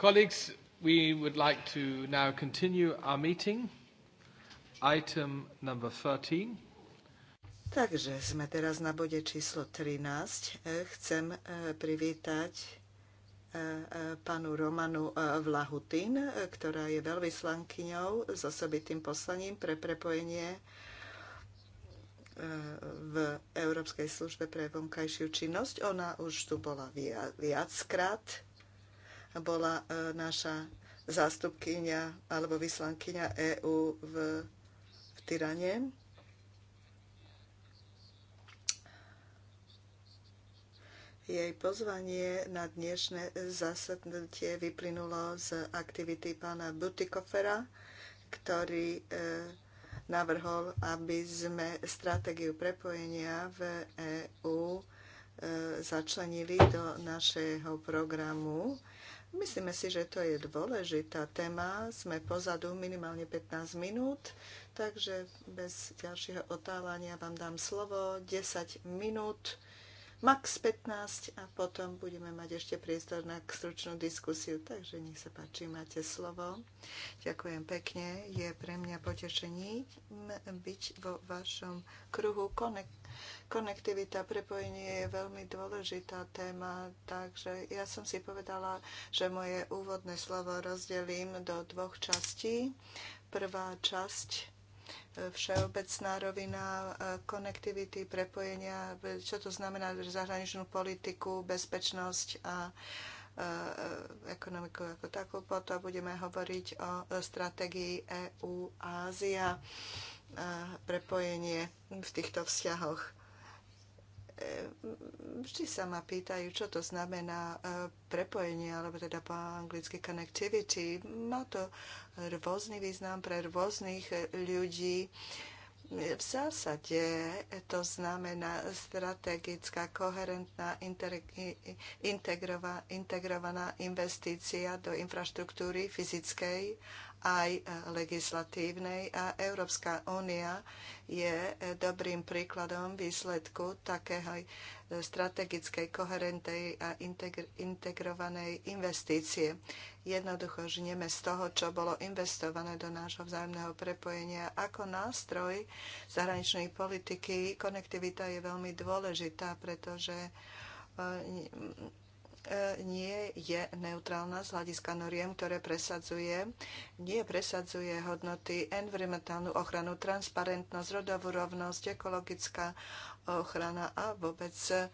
Colleagues, we would like to now continue our meeting. Item number 13. Takže sme teraz na bode číslo 13. E, chcem e, privítať e, panu Romanu Vlahutin, ktorá je veľvyslankyňou s osobitým poslaním pre prepojenie v Európskej službe pre vonkajšiu činnosť. Ona už tu bola viackrát bola e, naša zástupkynia alebo vyslankyňa EÚ v, v Tyrane. Jej pozvanie na dnešné zasadnutie vyplynulo z aktivity pána Butikofera, ktorý e, navrhol, aby sme stratégiu prepojenia v EÚ e, začlenili do našeho programu. Myslíme si, že to je dôležitá téma. Sme pozadu minimálne 15 minút, takže bez ďalšieho otávania vám dám slovo 10 minút, max 15 a potom budeme mať ešte priestor na stručnú diskusiu. Takže nech sa páči, máte slovo. Ďakujem pekne. Je pre mňa potešením byť vo vašom kruhu Connect Konektivita, prepojenie je veľmi dôležitá téma, takže ja som si povedala, že moje úvodné slovo rozdelím do dvoch častí. Prvá časť e, všeobecná rovina e, konektivity, prepojenia, e, čo to znamená zahraničnú politiku, bezpečnosť a ekonomiku ako takú. Potom budeme hovoriť o stratégii EU-Ázia prepojenie v týchto vzťahoch. E, vždy sa ma pýtajú, čo to znamená e, prepojenie, alebo teda po anglicky connectivity. Má to rôzny význam pre rôznych e, ľudí. V zásade to znamená strategická, koherentná, integrovaná investícia do infraštruktúry fyzickej aj e, legislatívnej a Európska únia je e, dobrým príkladom výsledku takého e, strategickej, koherentej a integrovanej investície. Jednoducho žneme z toho, čo bolo investované do nášho vzájomného prepojenia. Ako nástroj zahraničnej politiky konektivita je veľmi dôležitá, pretože E, nie je neutrálna z hľadiska noriem, ktoré presadzuje. Nie presadzuje hodnoty environmentálnu ochranu, transparentnosť, rodovú rovnosť, ekologická ochrana a vôbec e,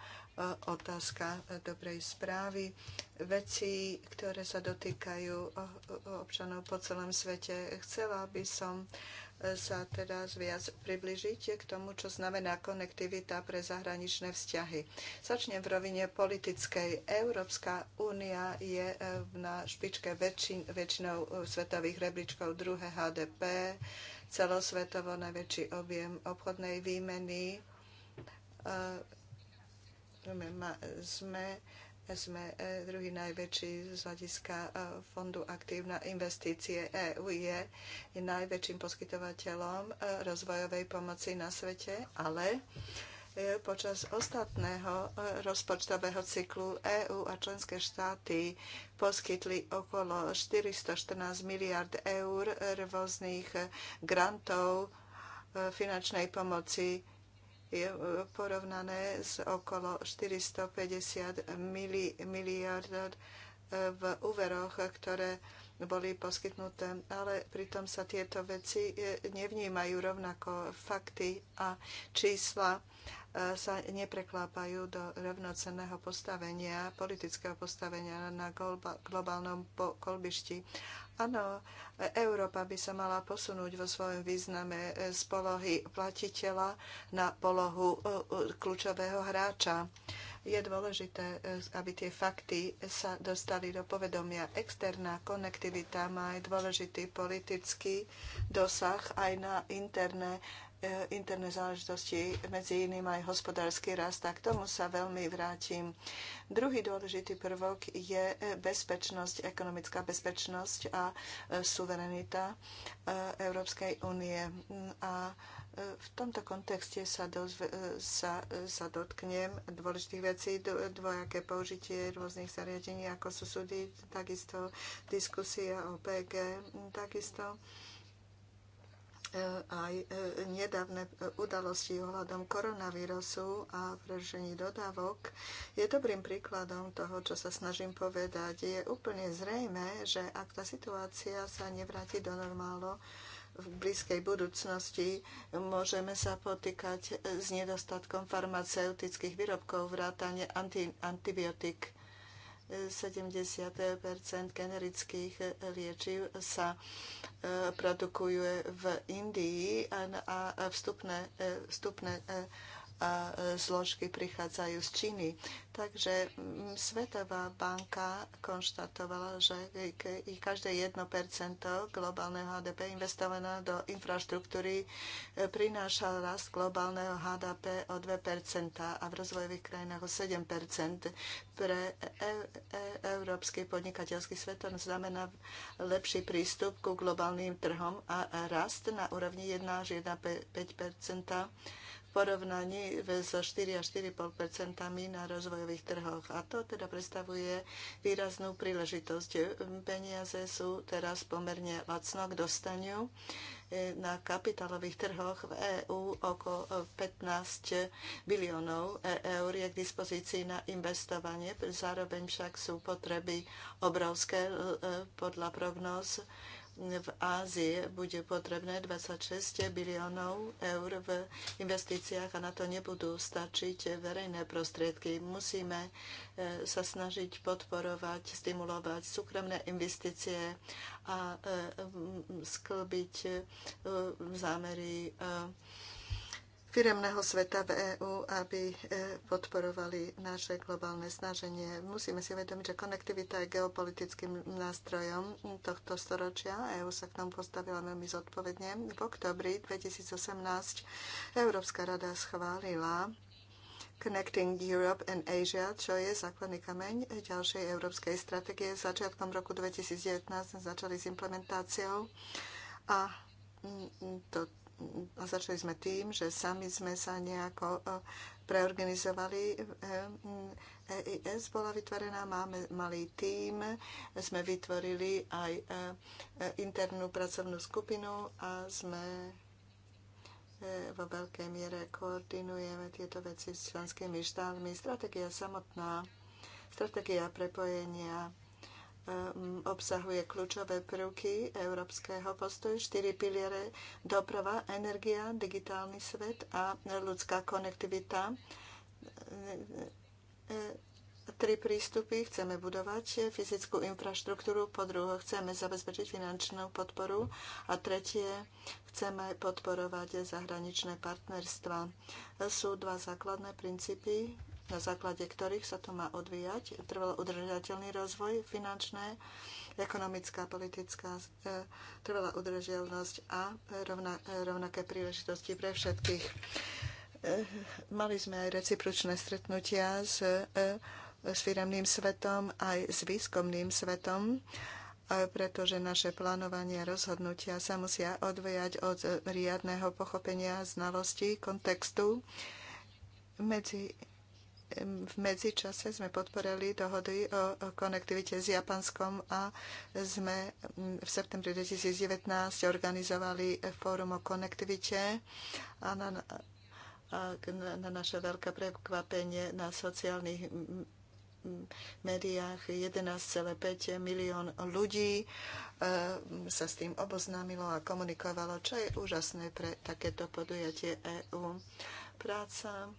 otázka dobrej správy. Veci, ktoré sa dotýkajú občanov po celom svete. Chcela by som sa teda viac približiť k tomu, čo znamená konektivita pre zahraničné vzťahy. Začnem v rovine politickej. Európska únia je e, na špičke väčšin, väčšinou e, svetových rebríčkov druhé HDP, celosvetovo najväčší objem obchodnej výmeny. E, sme sme e, druhý najväčší z hľadiska e, Fondu aktív na investície. EU je najväčším poskytovateľom e, rozvojovej pomoci na svete, ale počas ostatného rozpočtového cyklu EÚ a členské štáty poskytli okolo 414 miliard eur rôznych grantov finančnej pomoci je e, porovnané s okolo 450 mili, miliard e, v úveroch, ktoré boli poskytnuté, ale pritom sa tieto veci e, nevnímajú rovnako. Fakty a čísla sa nepreklápajú do rovnocenného postavenia, politického postavenia na globálnom kolbišti. Áno, Európa by sa mala posunúť vo svojom význame e, z polohy platiteľa na polohu e, e, kľúčového hráča. Je dôležité, aby tie fakty sa dostali do povedomia. Externá konektivita má aj dôležitý politický dosah aj na interné E, interné záležitosti, medzi iným aj hospodársky rast. A k tomu sa veľmi vrátim. Druhý dôležitý prvok je e, bezpečnosť, ekonomická bezpečnosť a e, suverenita Európskej únie. A v tomto kontexte sa, sa, sa dotknem dôležitých vecí, dvojaké použitie rôznych zariadení, ako sú súdy, takisto diskusia o PG, takisto E, aj e, nedávne e, udalosti ohľadom koronavírusu a prerušení dodávok je dobrým príkladom toho, čo sa snažím povedať. Je úplne zrejme, že ak tá situácia sa nevráti do normálu v blízkej budúcnosti, môžeme sa potýkať s nedostatkom farmaceutických výrobkov, vrátane anti, antibiotík 70 generických liečiv sa e, produkuje v Indii a vstupné, e, vstupné e, a e, zložky prichádzajú z Číny. Takže mm, Svetová banka konštatovala, že každé 1% globálneho HDP investované do infraštruktúry e, prináša rast globálneho HDP o 2% a v rozvojových krajinách o 7%. Pre e, európsky podnikateľský svet to znamená lepší prístup ku globálnym trhom a rast na úrovni 1 až 1,5% porovnaní so 4 až 4,5 na rozvojových trhoch. A to teda predstavuje výraznú príležitosť. Peniaze sú teraz pomerne lacno k dostaniu e, na kapitálových trhoch v EÚ okolo 15 biliónov e- eur je k dispozícii na investovanie. Zároveň však sú potreby obrovské e, podľa prognóz v Ázii bude potrebné 26 biliónov eur v investíciách a na to nebudú stačiť verejné prostriedky. Musíme e, sa snažiť podporovať, stimulovať súkromné investície a e, sklbiť e, zámery firemného sveta v EÚ, aby e, podporovali naše globálne snaženie. Musíme si uvedomiť, že konektivita je geopolitickým nástrojom tohto storočia. EÚ sa k tomu postavila veľmi zodpovedne. V oktobri 2018 Európska rada schválila Connecting Europe and Asia, čo je základný kameň ďalšej európskej stratégie. Začiatkom roku 2019 začali s implementáciou a to a začali sme tým, že sami sme sa nejako e, preorganizovali. EIS e, e bola vytvorená, máme malý tím, sme vytvorili aj internú pracovnú skupinu a sme vo veľkej miere koordinujeme tieto veci s členskými štátmi. Stratégia samotná, stratégia prepojenia obsahuje kľúčové prvky európskeho postoju, štyri piliere doprava, energia, digitálny svet a ľudská konektivita. E, e, tri prístupy. Chceme budovať fyzickú infraštruktúru, po druhé chceme zabezpečiť finančnú podporu a tretie chceme podporovať zahraničné partnerstva. E, sú dva základné princípy na základe ktorých sa to má odvíjať trvalo udržateľný rozvoj, finančné, ekonomická, politická e, trvalá udržateľnosť a rovna, e, rovnaké príležitosti pre všetkých. E, mali sme aj recipročné stretnutia s, s firemným svetom, aj s výskumným svetom pretože naše plánovanie a rozhodnutia sa musia odvojať od riadného pochopenia znalostí kontextu medzi v medzičase sme podporili dohody o konektivite s Japanskom a sme v septembri 2019 organizovali e, fórum o konektivite a na, a na naše veľké prekvapenie na sociálnych médiách 11,5 milión ľudí e, sa s tým oboznámilo a komunikovalo, čo je úžasné pre takéto podujatie EÚ. Práca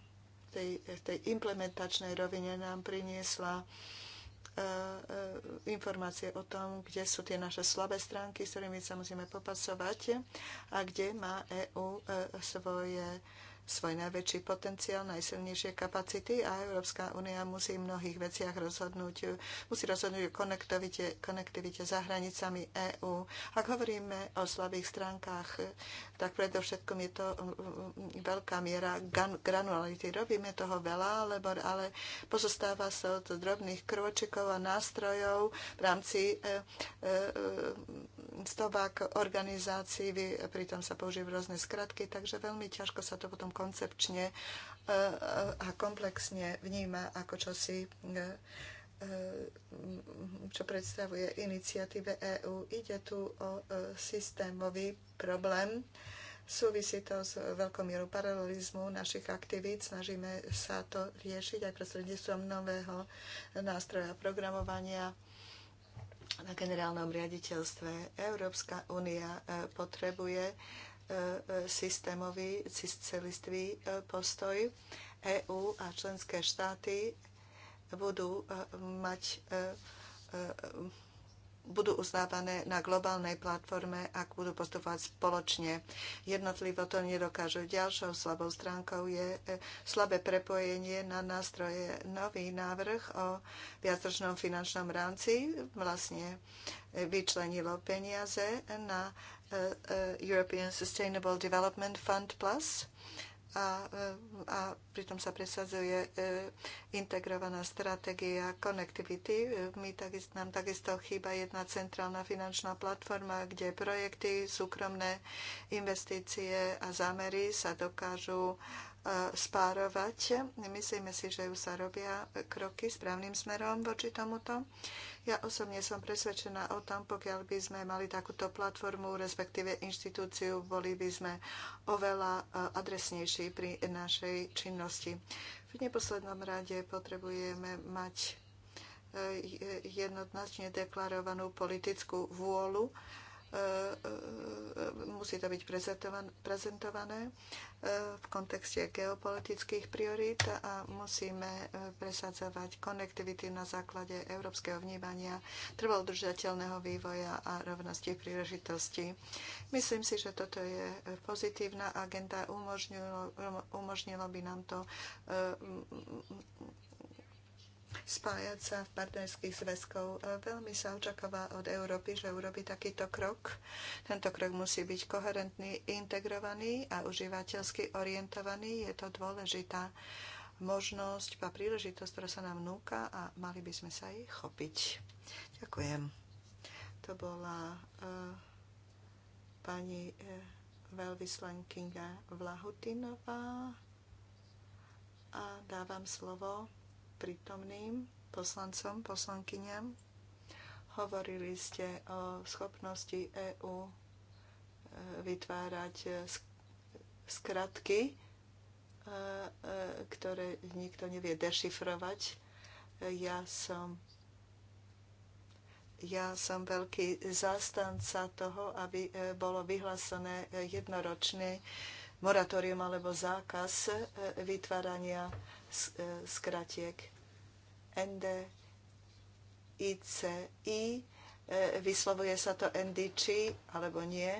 tej, tej implementačnej rovine nám priniesla e, e, informácie o tom, kde sú tie naše slabé stránky, s ktorými sa musíme popasovať a kde má EÚ e, svoje svoj najväčší potenciál, najsilnejšie kapacity a Európska únia musí v mnohých veciach rozhodnúť, musí rozhodnúť o konektivite, konektivite za hranicami EÚ. Ak hovoríme o slabých stránkach, tak predovšetkom je to veľká miera granularity. Robíme toho veľa, lebo, ale pozostáva sa od drobných krôčikov a nástrojov v rámci e, e, stovák organizácií, pritom sa používajú rôzne skratky, takže veľmi ťažko sa to potom koncepčne e, e, a komplexne vníma ako čosi, e, čo predstavuje iniciatíve EÚ. Ide tu o systémový problém. Súvisí to s veľkou mierou paralelizmu našich aktivít. Snažíme sa to riešiť aj prostredníctvom nového nástroja programovania na generálnom riaditeľstve. Európska únia potrebuje systémový, celistvý e, postoj. EÚ a členské štáty budú e, mať e, budú uznávané na globálnej platforme, ak budú postupovať spoločne. Jednotlivo to nedokážu. Ďalšou slabou stránkou je slabé prepojenie na nástroje nový návrh o viacročnom finančnom rámci. Vlastne vyčlenilo peniaze na Uh, uh, European Sustainable Development Fund Plus a, uh, a pritom sa presadzuje integrovaná stratégia connectivity. My takisto, nám takisto chýba jedna centrálna finančná platforma, kde projekty, súkromné investície a zámery sa dokážu spárovať. Myslíme si, že už sa robia kroky správnym smerom voči tomuto. Ja osobne som presvedčená o tom, pokiaľ by sme mali takúto platformu, respektíve inštitúciu, boli by sme oveľa e, adresnejší pri našej činnosti. V neposlednom rade potrebujeme mať e, jednoznačne deklarovanú politickú vôľu E, e, musí to byť prezentované e, v kontexte geopolitických priorít a musíme presadzovať konektivity na základe európskeho vnímania trvalodržateľného vývoja a rovnosti príležitosti. Myslím si, že toto je pozitívna agenda. Umožnilo, umožnilo by nám to spájať sa v partnerských zväzkov. Veľmi sa očakáva od Európy, že urobí takýto krok. Tento krok musí byť koherentný, integrovaný a užívateľsky orientovaný. Je to dôležitá možnosť a príležitosť, ktorá sa nám núka a mali by sme sa jej chopiť. Ďakujem. To bola uh, pani uh, veľvyslankyňa Vlahutinová a dávam slovo prítomným poslancom, poslankyňam. Hovorili ste o schopnosti EÚ e, vytvárať e, skratky, e, ktoré nikto nevie dešifrovať. Ja som ja som veľký zástanca toho, aby bolo vyhlásené jednoročné moratórium alebo zákaz e, vytvárania e, skratiek NDICI. E, vyslovuje sa to NDC alebo nie.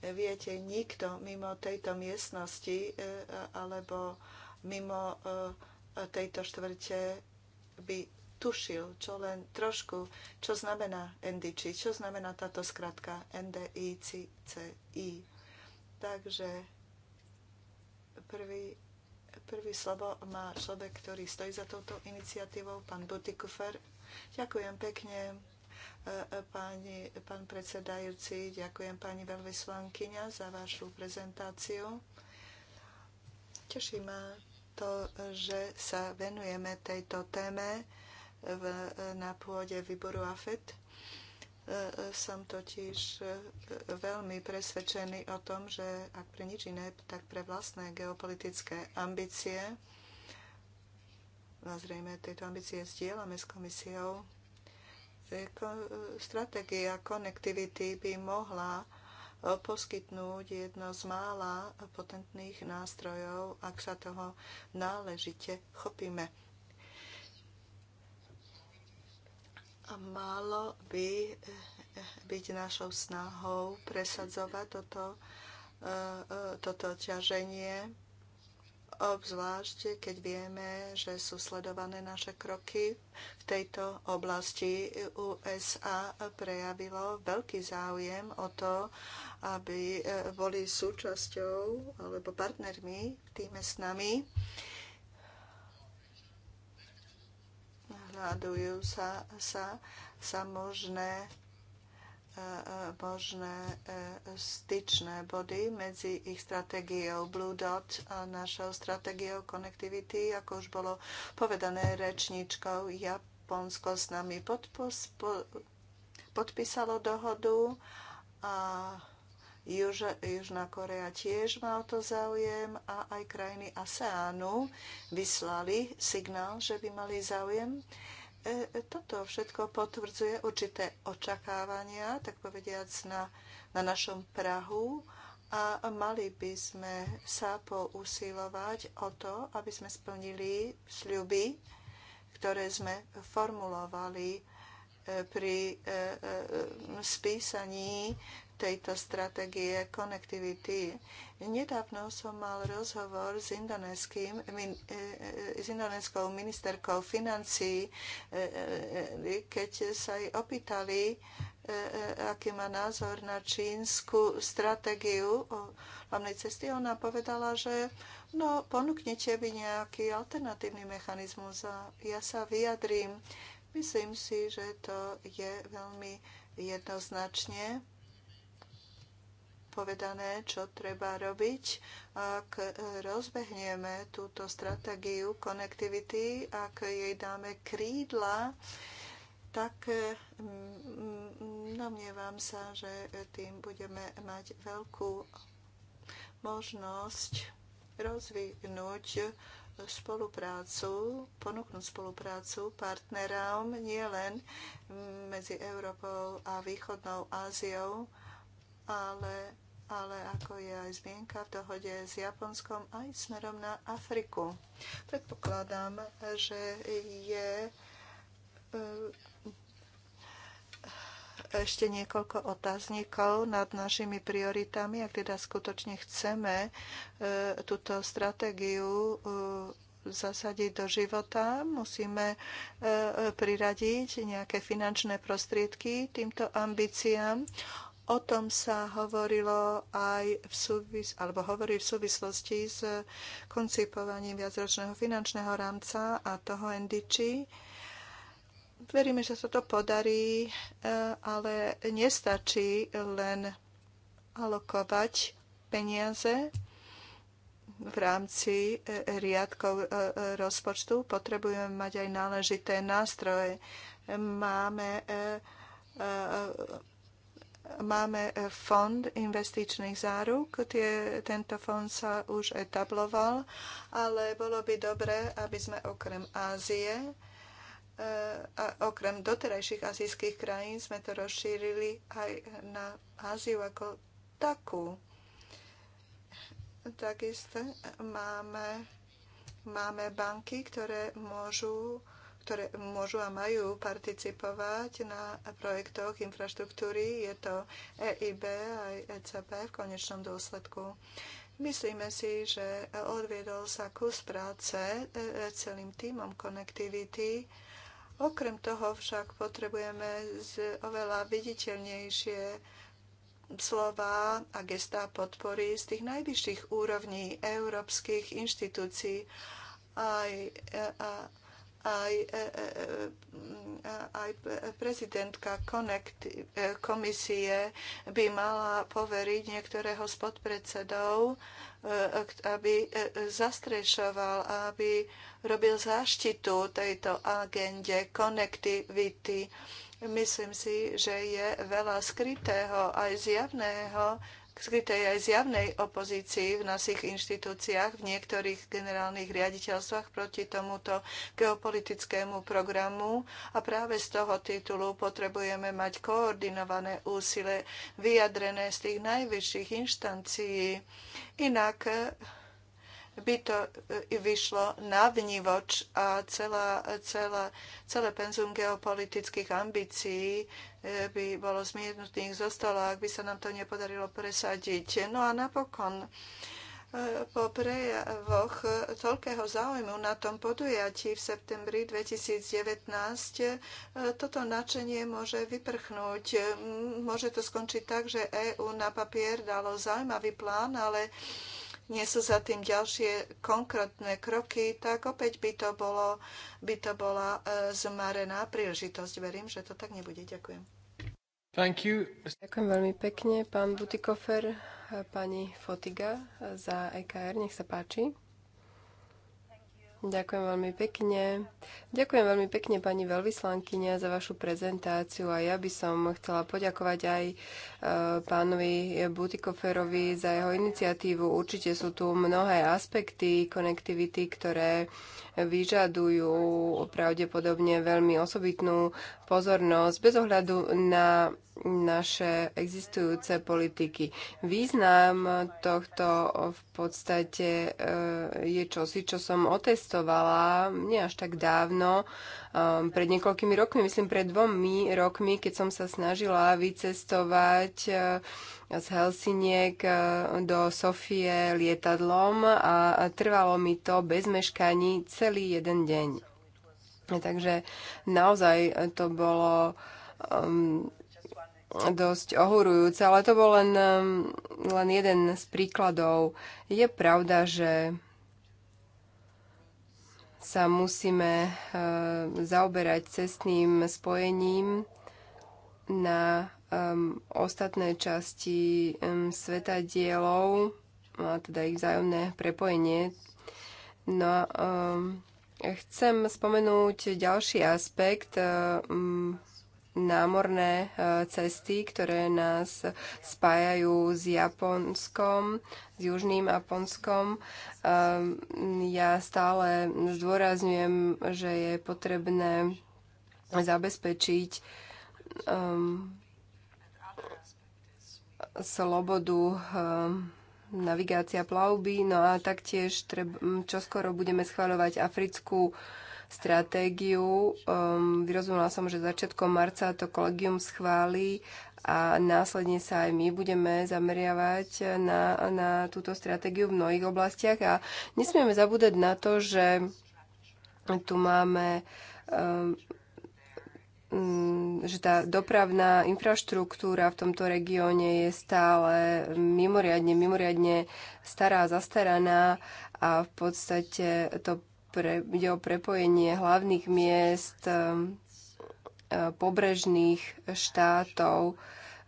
Viete, nikto mimo tejto miestnosti alebo mimo tejto štvrte by tušil, čo len trošku, čo znamená NDC, čo znamená táto skratka NDICCI. Takže Prvý, prvý slovo má človek, ktorý stojí za touto iniciatívou, pán Butikufer. Ďakujem pekne, e, e, páni, pán predsedajúci, ďakujem pani veľvyslankyňa za vašu prezentáciu. Teší ma to, že sa venujeme tejto téme v, na pôde výboru AFET E, e, som totiž e, veľmi presvedčený o tom, že ak pre nič iné, tak pre vlastné geopolitické ambície, no zrejme tieto ambície sdielame s komisiou, stratégia konektivity by mohla poskytnúť jedno z mála potentných nástrojov, ak sa toho náležite chopíme. malo by eh, byť našou snahou presadzovať toto, eh, eh, toto ťaženie, obzvlášť keď vieme, že sú sledované naše kroky v tejto oblasti. USA prejavilo veľký záujem o to, aby boli súčasťou alebo partnermi v týme s nami. dohľadujú sa, sa, sa možné, e, e, možné e, styčné body medzi ich stratégiou Blue Dot a našou stratégiou Connectivity, ako už bolo povedané rečníčkou, Japonsko s nami podpos, po, podpísalo dohodu a Juž, Južná Korea tiež má o to záujem a aj krajiny ASEANu vyslali signál, že by mali záujem. E, e, toto všetko potvrdzuje určité očakávania, tak povediac, na, na našom Prahu a mali by sme sa pousilovať o to, aby sme splnili sľuby, ktoré sme formulovali e, pri spísaní tejto stratégie konektivity. Nedávno som mal rozhovor s, min, e, e, s indonéskou ministerkou financí, e, keď sa jej opýtali, aký má názor na čínsku stratégiu o hlavnej cesty. Ona povedala, že no, ponúknete by nejaký alternatívny mechanizmus a ja sa vyjadrím. Myslím si, že to je veľmi jednoznačne povedané, čo treba robiť, ak rozbehneme túto stratégiu konektivity, ak jej dáme krídla, tak mm, domnievam sa, že tým budeme mať veľkú možnosť rozvinúť spoluprácu, ponúknuť spoluprácu partnerom nielen medzi Európou a Východnou Áziou, ale, ale ako je aj zmienka v dohode s Japonskom aj smerom na Afriku. Predpokladám, že je e, ešte niekoľko otáznikov nad našimi prioritami, ak teda skutočne chceme e, túto stratégiu e, zasadiť do života, musíme priradiť nejaké finančné prostriedky týmto ambíciám. O tom sa hovorilo aj v súvis, alebo hovorí v súvislosti s koncipovaním viacročného finančného rámca a toho NDC. Veríme, že sa to podarí, e, ale nestačí len alokovať peniaze v rámci e, riadkov e, rozpočtu. Potrebujeme mať aj náležité nástroje. Máme Máme fond investičných záruk, tie, tento fond sa už etabloval, ale bolo by dobré, aby sme okrem Ázie, eh, a okrem doterajších azijských krajín, sme to rozšírili aj na Áziu ako takú. Takisto máme, máme banky, ktoré môžu ktoré môžu a majú participovať na projektoch infraštruktúry. Je to EIB aj ECB v konečnom dôsledku. Myslíme si, že odviedol sa kus práce e, e, celým týmom Connectivity. Okrem toho však potrebujeme oveľa viditeľnejšie slova a gestá podpory z tých najvyšších úrovní európskych inštitúcií aj, e, a, aj, e, e, e, aj prezidentka Connect komisie by mala poveriť niektorého z podpredsedov, aby zastrešoval, aby robil záštitu tejto agende konektivity. Myslím si, že je veľa skrytého aj zjavného skrytej aj zjavnej opozícii v našich inštitúciách, v niektorých generálnych riaditeľstvách proti tomuto geopolitickému programu a práve z toho titulu potrebujeme mať koordinované úsile vyjadrené z tých najvyšších inštancií. Inak by to e, vyšlo na vnívoč a celá, celá, celé penzum geopolitických ambícií e, by bolo zmiernutých zostalo, ak by sa nám to nepodarilo presadiť. No a napokon e, po prejavoch toľkého záujmu na tom podujatí v septembri 2019 toto nadšenie môže vyprchnúť. Môže to skončiť tak, že EÚ na papier dalo zaujímavý plán, ale nie sú za tým ďalšie konkrétne kroky, tak opäť by to, bolo, by to bola e, zmarená príležitosť. Verím, že to tak nebude. Ďakujem. Thank you. Ďakujem veľmi pekne, pán Butikofer, pani Fotiga za EKR. Nech sa páči. Ďakujem veľmi pekne. Ďakujem veľmi pekne pani veľvyslankyňa za vašu prezentáciu a ja by som chcela poďakovať aj e, pánovi Butikoferovi za jeho iniciatívu. Určite sú tu mnohé aspekty konektivity, ktoré vyžadujú pravdepodobne veľmi osobitnú pozornosť bez ohľadu na naše existujúce politiky. Význam tohto v podstate e, je čosi, čo som otestovala nie až tak dávno, um, pred niekoľkými rokmi, myslím pred dvomi rokmi, keď som sa snažila vycestovať e, z Helsiniek e, do Sofie lietadlom a trvalo mi to bez meškaní celý jeden deň. Takže naozaj to bolo um, dosť ohurujúce, ale to bol len, um, len jeden z príkladov. Je pravda, že sa musíme uh, zaoberať cestným spojením na um, ostatné časti um, sveta dielov, a teda ich vzájomné prepojenie. No a chcem spomenúť ďalší aspekt uh, námorné e, cesty, ktoré nás spájajú s Japonskom, s Južným Japonskom. Ehm, ja stále zdôrazňujem, že je potrebné zabezpečiť ehm, slobodu ehm, navigácia plavby, no a taktiež treb, čoskoro budeme schváľovať africkú stratégiu. Um, vyrozumela som, že začiatkom marca to kolegium schváli a následne sa aj my budeme zameriavať na, na túto stratégiu v mnohých oblastiach a nesmieme zabúdať na to, že tu máme um, že tá dopravná infraštruktúra v tomto regióne je stále mimoriadne, mimoriadne stará, zastaraná a v podstate to pre, ide o prepojenie hlavných miest um, uh, pobrežných štátov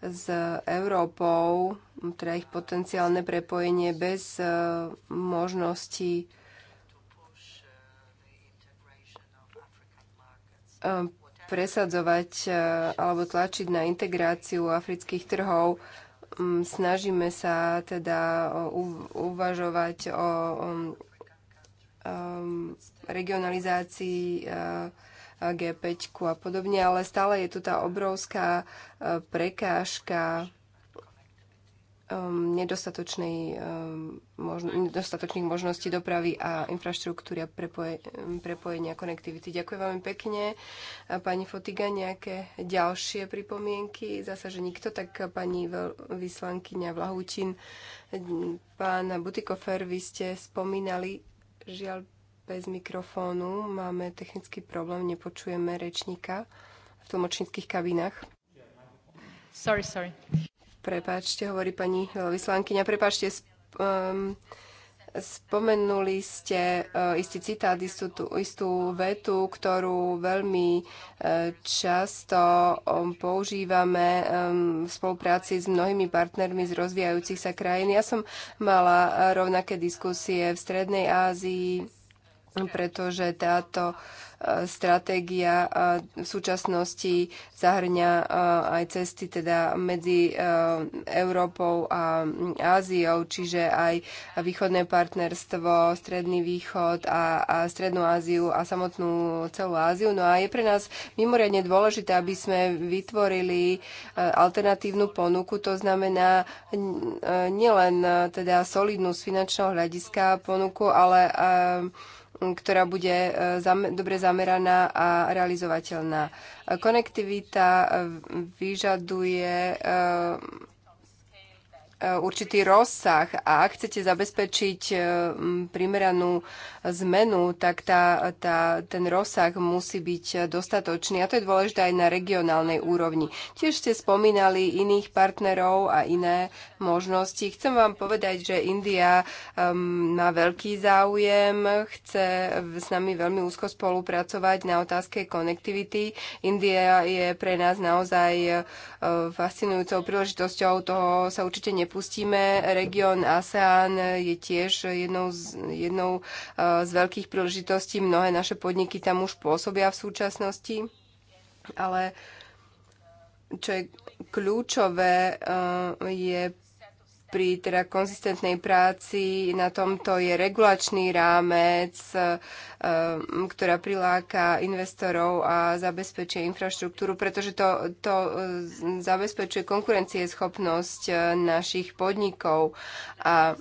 s Európou, teda ich potenciálne prepojenie bez uh, možnosti um, presadzovať uh, alebo tlačiť na integráciu afrických trhov. Um, snažíme sa teda uvažovať o um, regionalizácii uh, G5 a podobne, ale stále je tu tá obrovská uh, prekážka um, nedostatočnej, um, možno, nedostatočných možností dopravy a infraštruktúry a prepoje, um, prepojenia konektivity. Ďakujem veľmi pekne. A pani Fotiga, nejaké ďalšie pripomienky? Zasa, že nikto, tak pani vyslankyňa Vlahúčin, pán Butikofer, vy ste spomínali Žiaľ, bez mikrofónu máme technický problém, nepočujeme rečníka v tlmočníckých kabinách. Sorry, sorry. Prepáčte, hovorí pani vyslankyňa, prepáčte, um, ehm, Spomenuli ste e, istý citát, istú, tú, istú vetu, ktorú veľmi e, často e, používame v spolupráci s mnohými partnermi z rozvíjajúcich sa krajín. Ja som mala rovnaké diskusie v Strednej Ázii, pretože táto e, stratégia e, v súčasnosti zahrňa e, aj cesty teda medzi Európou a Áziou, čiže aj východné partnerstvo, stredný východ a, a strednú Áziu a samotnú celú Áziu. No a je pre nás mimoriadne dôležité, aby sme vytvorili alternatívnu ponuku, to znamená nielen teda solidnú z finančného hľadiska ponuku, ale ktorá bude e, dobre zameraná a realizovateľná. Konektivita e, vyžaduje e, E, určitý rozsah a ak chcete zabezpečiť e, primeranú zmenu, tak tá, tá, ten rozsah musí byť dostatočný a to je dôležité aj na regionálnej úrovni. Tiež ste spomínali iných partnerov a iné možnosti. Chcem vám povedať, že India e, má veľký záujem, chce s nami veľmi úzko spolupracovať na otázke konektivity. India je pre nás naozaj fascinujúcou príležitosťou, toho sa určite nepovedal pripustíme. Región ASEAN je tiež jednou z, jednou e, z veľkých príležitostí. Mnohé naše podniky tam už pôsobia v súčasnosti, ale čo je kľúčové, e, je pri teda konzistentnej práci na tomto je regulačný rámec, e, ktorá priláka investorov a zabezpečuje infraštruktúru, pretože to, to e, zabezpečuje konkurencieschopnosť e, našich podnikov a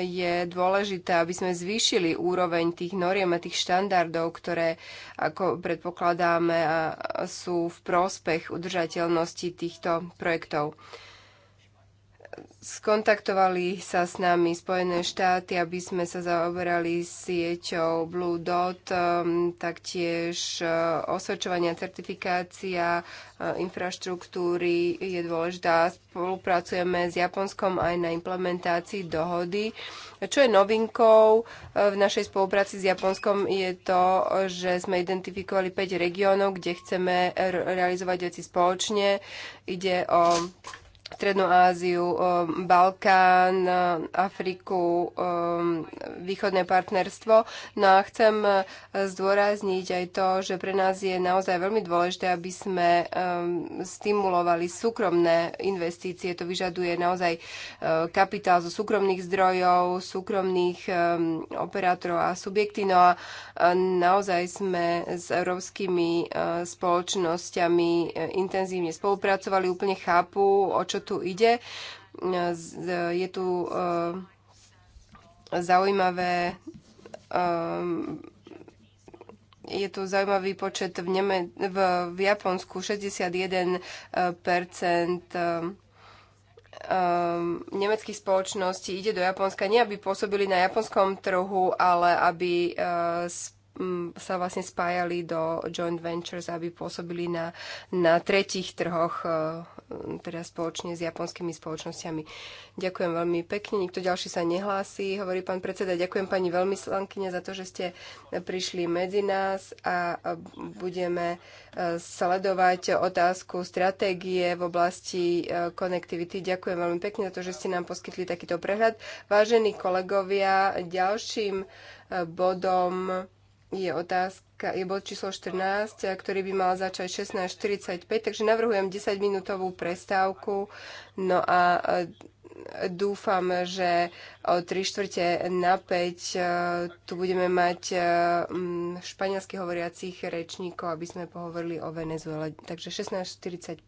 je dôležité, aby sme zvýšili úroveň tých noriem a tých štandardov, ktoré, ako predpokladáme, sú v prospech udržateľnosti týchto projektov skontaktovali sa s nami Spojené štáty, aby sme sa zaoberali sieťou Blue Dot, um, taktiež uh, osvedčovania, certifikácia uh, infraštruktúry je dôležitá. Spolupracujeme s Japonskom aj na implementácii dohody. Čo je novinkou uh, v našej spolupráci s Japonskom je to, že sme identifikovali 5 regiónov, kde chceme realizovať veci spoločne. Ide o Strednú Áziu, um, Balkán, um, Afriku, um, východné partnerstvo. No a chcem uh, zdôrazniť aj to, že pre nás je naozaj veľmi dôležité, aby sme stimulovali súkromné investície. To vyžaduje naozaj uh, kapitál zo súkromných zdrojov, súkromných operátorov a subjekty. No a naozaj sme s európskymi uh, spoločnosťami intenzívne spolupracovali, úplne chápu, o čo čo tu ide. E, je tu e, zaujímavé e, je tu zaujímavý počet v, Neme- v, v Japonsku 61 nemeckých spoločností ide do Japonska nie aby pôsobili na japonskom trhu, ale aby uh, sa vlastne spájali do joint ventures, aby pôsobili na, na tretich trhoch, e, teda spoločne s japonskými spoločnosťami. Ďakujem veľmi pekne. Nikto ďalší sa nehlási, hovorí pán predseda. Ďakujem pani veľmi slankyne za to, že ste prišli medzi nás a budeme e, sledovať otázku stratégie v oblasti e, konektivity. Ďakujem veľmi pekne za to, že ste nám poskytli takýto prehľad. Vážení kolegovia, ďalším bodom je otázka, je bod číslo 14, ktorý by mal začať 16.45, takže navrhujem 10-minútovú prestávku. No a e, dúfam, že o 3 štvrte na 5 e, tu budeme mať e, španielsky hovoriacich rečníkov, aby sme pohovorili o Venezuele. Takže 16.45.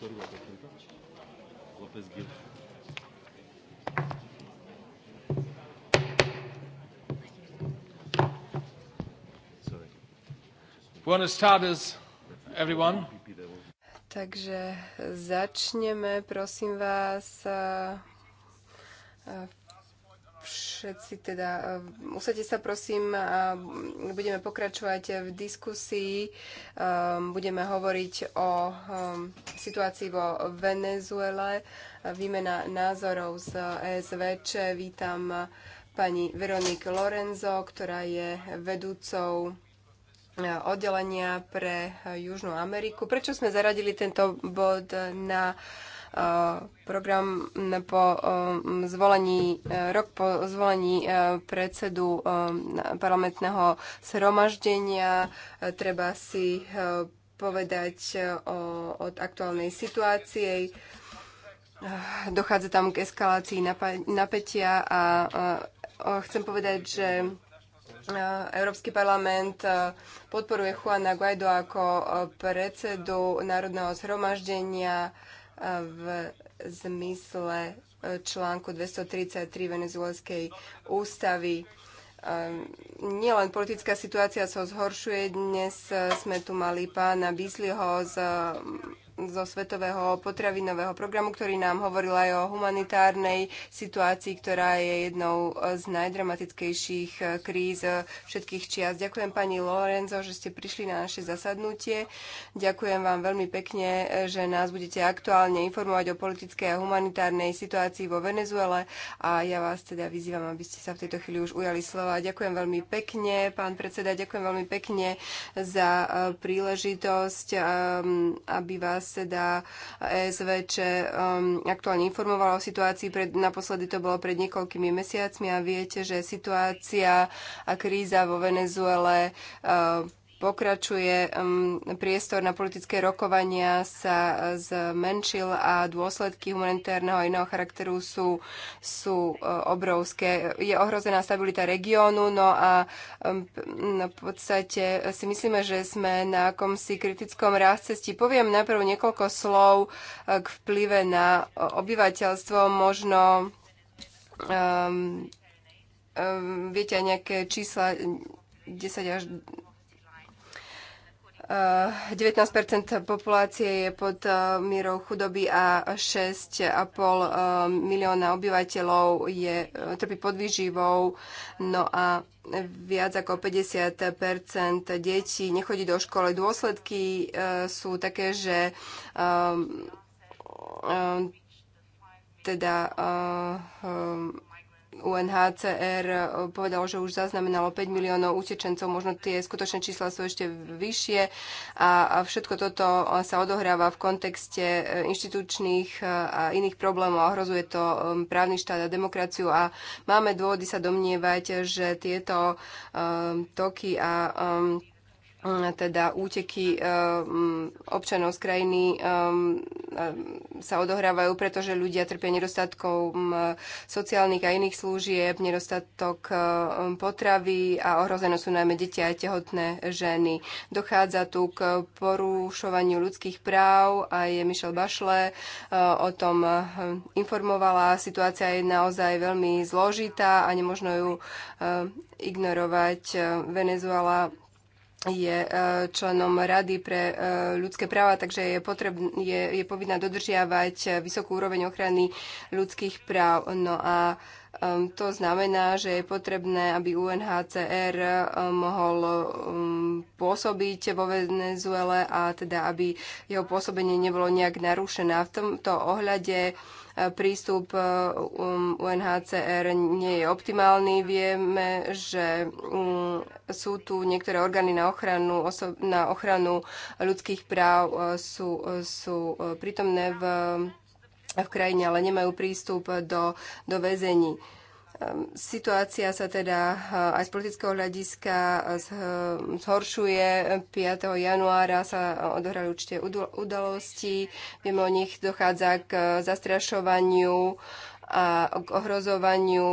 Второго оттенка. Лопес Гил. Buenas tardes, everyone. Takže začneme, prosím vás. Všetci teda, usadite sa prosím budeme pokračovať v diskusii. Budeme hovoriť o situácii vo Venezuele, výmena názorov z ESVČ. Vítam pani Veronik Lorenzo, ktorá je vedúcou e, oddelenia pre Južnú Ameriku. Prečo sme zaradili tento bod na e, program po e, zvolení, rok po zvolení predsedu parlamentného sromaždenia. Treba si povedať eh, o, od aktuálnej situácie. Dochádza tam k eskalácii napätia a eh, chcem povedať, že eh, Európsky parlament podporuje Juana Guaido ako predsedu Národného zhromaždenia v zmysle článku 233 venezuelskej ústavy. Ehm, nielen politická situácia sa zhoršuje, dnes eh, sme tu mali pána Bisleyho z zo Svetového potravinového programu, ktorý nám hovoril aj o humanitárnej situácii, ktorá je jednou z najdramatickejších kríz všetkých čias. Ďakujem pani Lorenzo, že ste prišli na naše zasadnutie. Ďakujem vám veľmi pekne, že nás budete aktuálne informovať o politickej a humanitárnej situácii vo Venezuele a ja vás teda vyzývam, aby ste sa v tejto chvíli už ujali slova. Ďakujem veľmi pekne, pán predseda, ďakujem veľmi pekne za e, príležitosť, e, aby vás predseda SVČ um, aktuálne informoval o situácii. Pred, naposledy to bolo pred niekoľkými mesiacmi a viete, že situácia a kríza vo Venezuele uh, pokračuje. Um, priestor na politické rokovania sa eh, zmenšil a dôsledky humanitárneho a iného charakteru sú, sú eh, obrovské. Je ohrozená stabilita regiónu, no a um, no, v podstate si myslíme, že sme na akomsi kritickom rast cestí. Poviem najprv niekoľko slov eh, k vplyve na obyvateľstvo. Možno um, um, viete aj nejaké čísla 10 až 19 populácie je pod eh, mierou chudoby a 6,5 eh, milióna obyvateľov je, eh, trpí podvýživou. No a viac ako 50 detí nechodí do školy. Dôsledky sú také, že teda UNHCR eh, povedalo, že už zaznamenalo 5 miliónov utečencov, možno tie skutočné čísla sú ešte vyššie a, všetko toto eh, sa odohráva v kontexte eh, inštitúčných a iných problémov a hrozuje to právny štát a demokraciu a máme dôvody sa domnievať, že tieto toky a Mm, teda úteky eh, mm, občanov z krajiny eh, mm, sa odohrávajú, pretože ľudia trpia nedostatkom sociálnych a iných služieb, nedostatok eh, potravy a ohrozené sú najmä deti a tehotné ženy. Dochádza tu k porušovaniu ľudských práv a je Michelle Bašle o tom informovala. Situácia je naozaj veľmi zložitá a nemožno ju ignorovať. Venezuela je e, členom Rady pre e, ľudské práva, takže je, potrebn- je, je povinná dodržiavať vysokú úroveň ochrany ľudských práv. No a um, to znamená, že je potrebné, aby UNHCR e, mohol um, pôsobiť vo Venezuele a teda, aby jeho pôsobenie nebolo nejak narušené. V tomto ohľade prístup e, um, UNHCR nie je optimálny. Vieme, že um, sú tu niektoré orgány na ochranu, na ochranu ľudských práv e, sú, sú e, prítomné v, v krajine, ale nemajú prístup do, do väzení. Ehm, situácia sa teda eh, aj z politického hľadiska eh, zhoršuje. 5. januára sa odohrali určite udalosti, vieme o nich, dochádza k eh, zastrašovaniu a k ohrozovaniu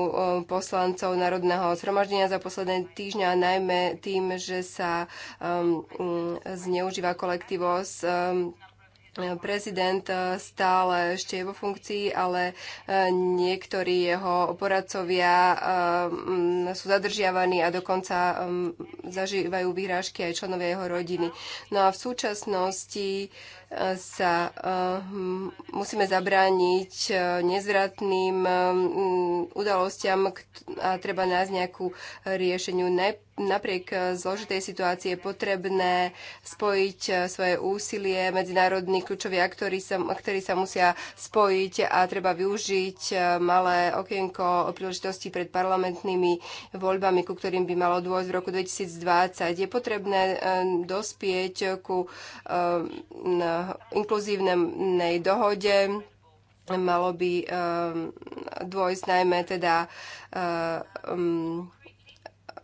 poslancov Národného zhromaždenia za posledné týždňa, najmä tým, že sa ehm, mm, zneužíva kolektivos ehm, Prezident e, stále ešte je vo funkcii, ale e, niektorí jeho poradcovia e, sú zadržiavaní a dokonca zažívajú výrážky aj členovia jeho rodiny. No a v súčasnosti sa eh, musíme zabrániť eh, nezvratným eh, mm, udalostiam a treba nájsť nejakú riešeniu. Napriek zložitej situácii je potrebné spojiť svoje úsilie. Medzinárodní kľúčovia aktori sa, ktorí sa musia spojiť a treba využiť malé okienko o príležitosti pred parlamentnými voľbami, ku ktorým by malo dôjsť v roku 2020. Je potrebné dospieť ku um, Eh, inkluzívnej dohode malo by eh, dôjsť najmä teda eh, mm,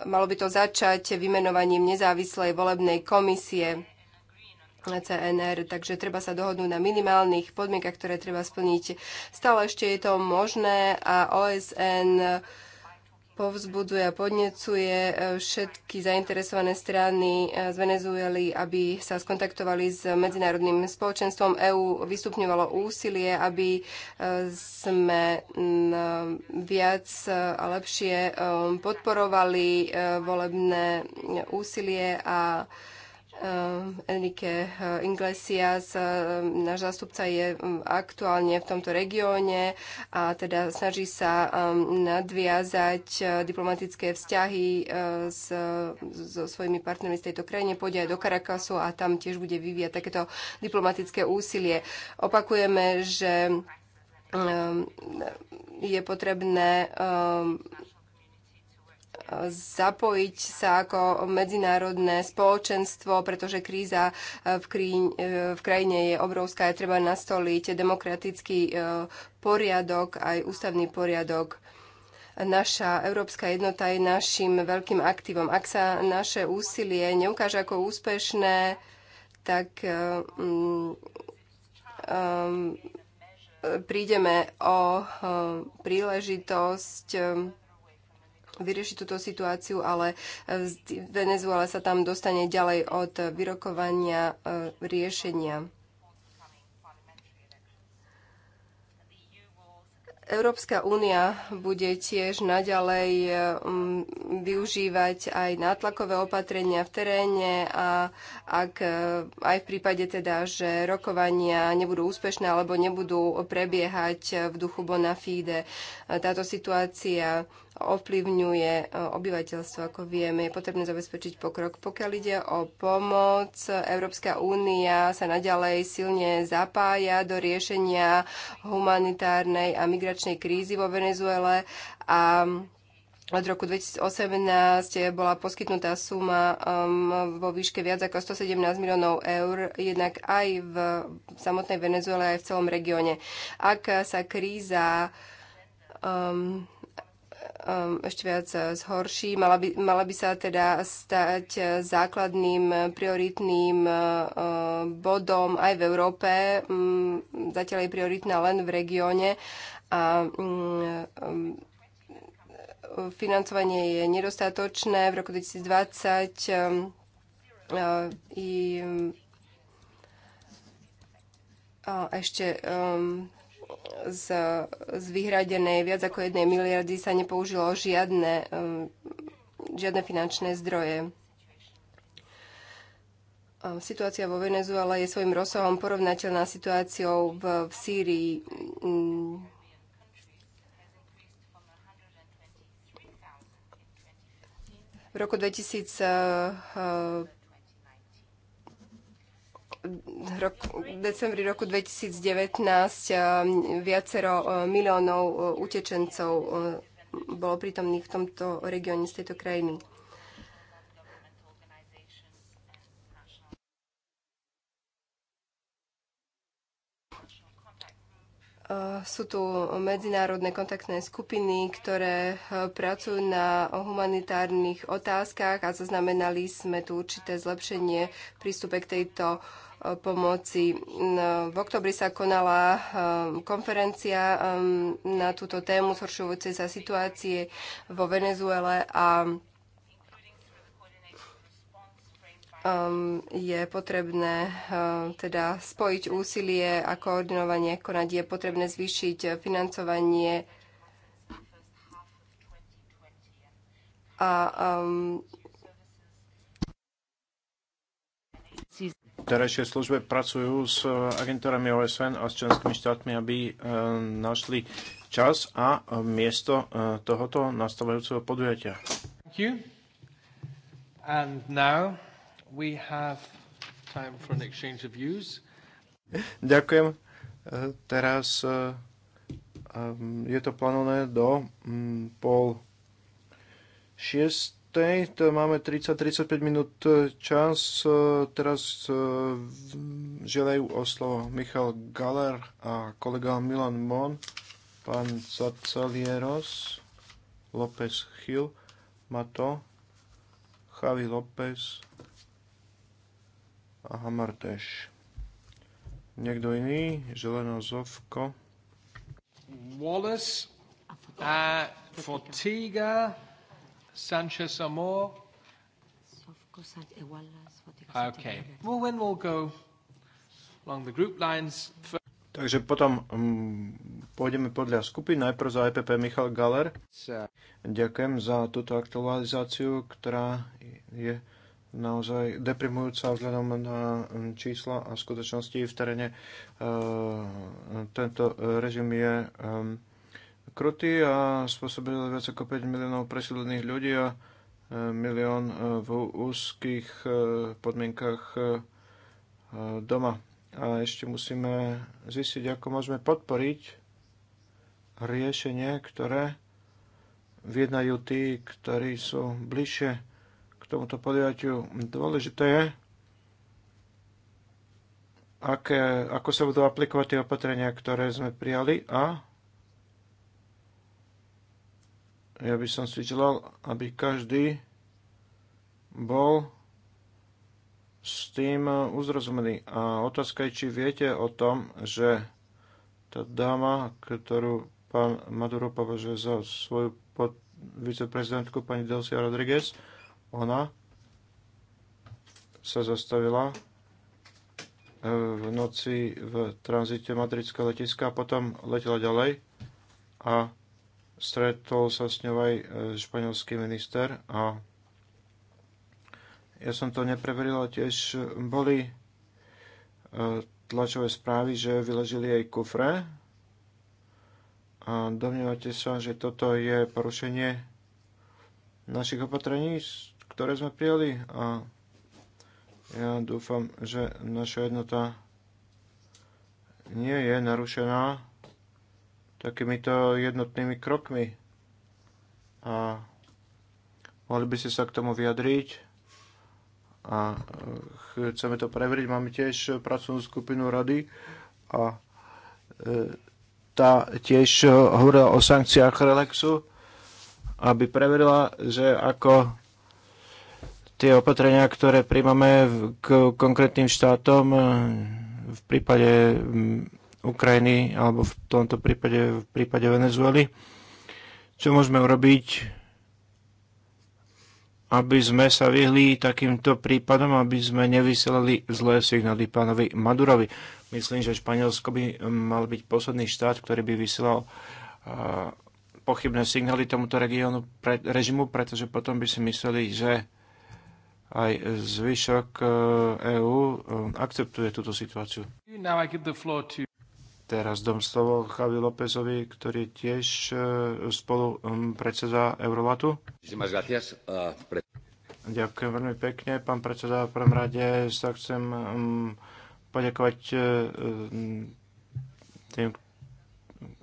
malo by to začať vymenovaním nezávislej volebnej komisie CNR, takže treba sa dohodnúť na minimálnych podmienkach, ktoré treba splniť. Stále ešte je to možné a OSN povzbuduje a podnecuje e, všetky zainteresované strany e, z Venezuely, aby sa skontaktovali s medzinárodným spoločenstvom. EÚ vystupňovalo úsilie, aby e, sme viac a lepšie podporovali volebné úsilie a Eh, Enrique eh, Inglesias, eh, náš zástupca, je mm, aktuálne v tomto regióne a teda snaží sa ehm, nadviazať diplomatické vzťahy s, so svojimi partnermi z tejto krajine, pôjde aj do Karakasu a tam tiež bude vyvíjať takéto diplomatické úsilie. Opakujeme, že ehm, je potrebné ehm, zapojiť sa ako medzinárodné spoločenstvo, pretože kríza eh, v, krí, eh, v krajine je obrovská a treba nastoliť demokratický eh, poriadok, aj ústavný poriadok. Naša európska jednota je našim veľkým aktívom. Ak sa naše úsilie neukáže ako úspešné, tak um, um, prídeme o um, príležitosť um, vyriešiť túto situáciu, ale e, Venezuela sa tam dostane ďalej od vyrokovania e, riešenia. Európska únia bude tiež naďalej e, využívať aj nátlakové opatrenia v teréne a ak aj v prípade teda, že rokovania nebudú úspešné alebo nebudú prebiehať v duchu bona fide, táto situácia ovplyvňuje e, obyvateľstvo, ako vieme. Je potrebné zabezpečiť pokrok. Pokiaľ ide o pomoc, Európska únia sa naďalej silne zapája do riešenia humanitárnej a migračnej krízy vo Venezuele a od roku 2018 bola poskytnutá suma um, vo výške viac ako 117 miliónov eur, jednak aj v samotnej Venezuele, aj v celom regióne. Ak sa kríza um, Um, ešte viac zhorší. Mala by, mala by sa teda stať základným prioritným uh, bodom aj v Európe. Mm, zatiaľ je prioritná len v regióne a mm, um, financovanie je nedostatočné. V roku 2020 um, uh, i a ešte um, z, z vyhradenej viac ako jednej miliardy sa nepoužilo žiadne, um, žiadne finančné zdroje. Um, situácia vo Venezuele je svojim rozsahom porovnateľná situáciou v, v Sýrii. V roku 2000 rok, decembri roku 2019 eh, viacero eh, miliónov eh, utečencov bolo prítomných v tomto regióne z tejto krajiny. Sú tu medzinárodné kontaktné skupiny, ktoré pracujú na humanitárnych otázkach a zaznamenali sme tu určité zlepšenie v prístupe k tejto pomoci. No, v oktobri sa konala ehm, konferencia ehm, na túto tému zhoršujúce sa situácie vo Venezuele a ehm, je potrebné teda spojiť úsilie a koordinovanie konať. Je potrebné zvýšiť financovanie a um, terajšej službe pracujú s e, agentúrami OSN a s členskými štátmi, aby e, našli čas a e, miesto tohoto nastávajúceho podujatia. Ďakujem. Teraz je to plánované do mm, pol šiest tej, to máme 30-35 minút e, čas. E, teraz e, želajú o slovo Michal Galer a kolega Milan Mon, pán Zacalieros, López Chil, Mato, Javi López a Hamarteš. Niekto iný? Želeno Zovko. Wallace, uh, Fortiga, Sanchez Amor. Eh, okay. Well, when we'll go along the group lines. Takže potom um, pôjdeme podľa skupín. Najprv za EPP Michal Galer. Ďakujem za túto aktualizáciu, ktorá je naozaj deprimujúca vzhľadom na mm, čísla a skutočnosti v teréne. Uh, tento režim je um, krutý a spôsobil viac ako 5 miliónov presídlených ľudí a e, milión e, v úzkých e, podmienkach doma. A ešte musíme zistiť, ako môžeme podporiť riešenie, ktoré vyjednajú tí, ktorí sú bližšie k tomuto podujatiu. Dôležité je, aké, ako sa budú aplikovať tie opatrenia, ktoré sme prijali a Ja by som si želal, aby každý bol s tým eh, uzrozumený. A otázka je, či viete o tom, že tá dáma, ktorú pán Maduro považuje za svoju pod viceprezidentku, pani Delcia Rodriguez, ona sa zastavila eh, v noci v tranzite madridského letiska a potom letela ďalej a stretol sa s ňou aj e, španielský minister a ja som to nepreverila, tiež boli e, tlačové správy, že vyležili jej kufre. A domnievate sa, že toto je porušenie našich opatrení, ktoré sme prijali. A ja dúfam, že naša jednota nie je narušená takýmito jednotnými krokmi. A mohli by ste sa k tomu vyjadriť? A e, chceme to preveriť. Máme tiež pracovnú skupinu rady a e, tá tiež hovorila o sankciách Relaxu, aby preverila, že ako tie opatrenia, ktoré príjmame k konkrétnym štátom e, v prípade Ukrajiny alebo v tomto prípade v prípade Venezuely. Čo môžeme urobiť, aby sme sa vyhli takýmto prípadom, aby sme nevyselali zlé signály pánovi Madurovi. Myslím, že Španielsko by mal byť posledný štát, ktorý by vysielal pochybné signály tomuto regiónu pre, režimu, pretože potom by si mysleli, že aj zvyšok EÚ e e, akceptuje túto situáciu. To teraz dom slovo Chavi Lópezovi, ktorý tiež e, spolu predseda Eurolatu. Ďakujem veľmi pekne, pán predseda. V prvom rade sa chcem poďakovať e, e, tým,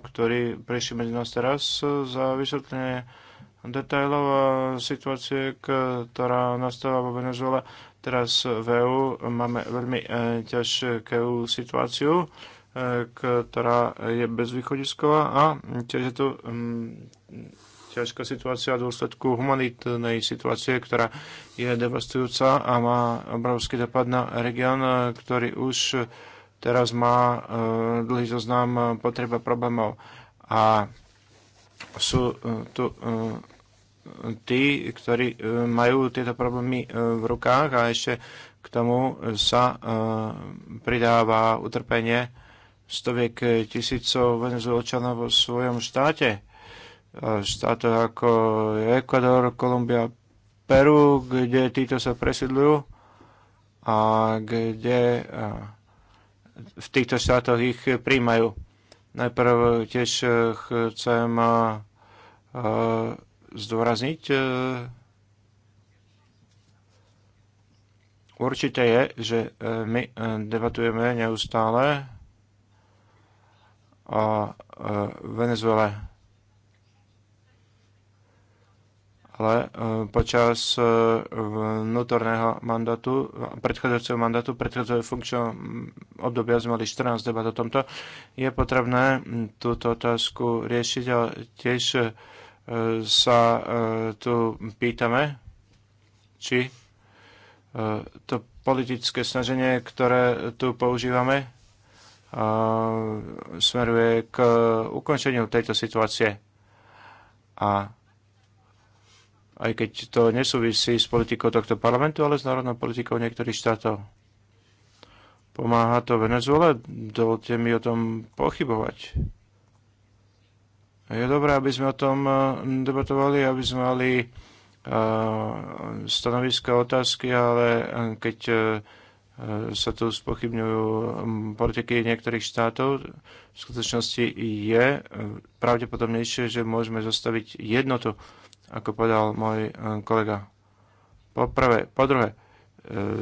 ktorí prišli medzi nás teraz za vysvetlenie detailov a situácie, ktorá nastáva vo Venezuele. Teraz v EU máme veľmi ťažkú situáciu E, ktorá je bezvýchodisková a tiež je um, ťažká situácia v dôsledku humanitnej situácie, ktorá je devastujúca a má obrovský dopad na región, ktorý už teraz má e, dlhý zoznam potreba problémov. A sú e, tu tí, ktorí majú tieto problémy v rukách a ešte k tomu sa pridáva utrpenie stoviek eh, tisícov venezuelčanov vo svojom štáte. Štáte ako Ekvador, Kolumbia, Peru, kde títo sa presidľujú a kde v týchto štátoch ich príjmajú. Najprv tiež eh, chcem eh, zdôrazniť, Určite je, že my debatujeme neustále o e, Venezuele. ale e, počas e, vnútorného mandátu, predchádzajúceho mandátu, predchádzajúceho funkčného obdobia sme mali 14 debat o tomto. Je potrebné túto otázku riešiť a tiež sa tu pýtame, či to politické snaženie, ktoré tu používame, smeruje k ukončeniu tejto situácie. A aj keď to nesúvisí s politikou tohto parlamentu, ale s národnou politikou niektorých štátov. Pomáha to Venezuele? Dovolte mi o tom pochybovať. Je dobré, aby sme o tom e, debatovali, aby sme mali e, stanoviska, otázky, ale e, keď Eh, sa tu spochybňujú mm, politiky niektorých štátov. V skutočnosti je eh, pravdepodobnejšie, že môžeme zostaviť jednotu, ako povedal môj eh, kolega. Po prvé, po druhé,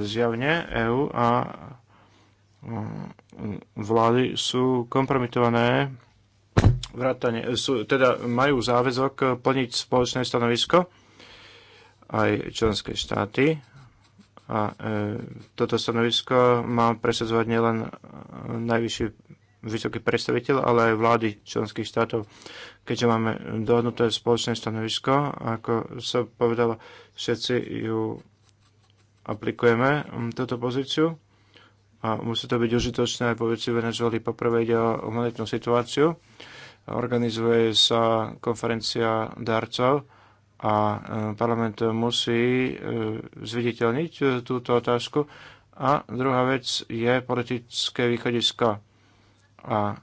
zjavne EÚ a mm, vlády sú kompromitované vrátane, sú, teda majú záväzok plniť spoločné stanovisko aj členské štáty a e, toto stanovisko má presadzovať nielen najvyšší vysoký predstaviteľ, ale aj vlády členských štátov. Keďže máme dohodnuté spoločné stanovisko, ako sa povedalo, všetci ju aplikujeme, túto pozíciu. A musí to byť užitočné aj po veci Venezueli. Poprvé ide o humanitnú situáciu. Organizuje sa konferencia darcov a e, parlament musí e, zviditeľniť e, túto otázku. A druhá vec je politické východisko. A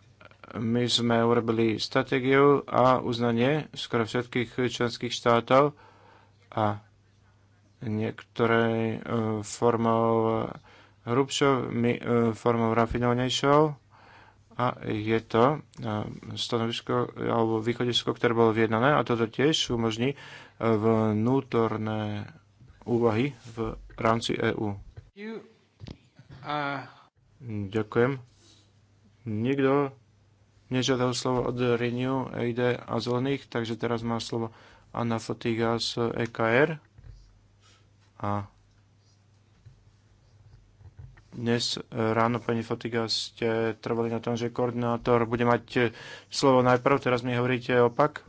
my sme urobili stratégiu a uznanie skoro všetkých členských štátov a niektoré formou hrubšou, formou rafinovanejšou a je to stanovisko alebo východisko, ktoré bolo vyjednané a toto tiež umožní vnútorné úvahy v rámci EÚ. Uh, Ďakujem. Nikto nežiadal slovo od Renew, EID a Zelených, takže teraz má slovo Anna Fotiga z EKR. A dnes ráno, pani Fotiga, ste trvali na tom, že koordinátor bude mať slovo najprv, teraz mi hovoríte opak.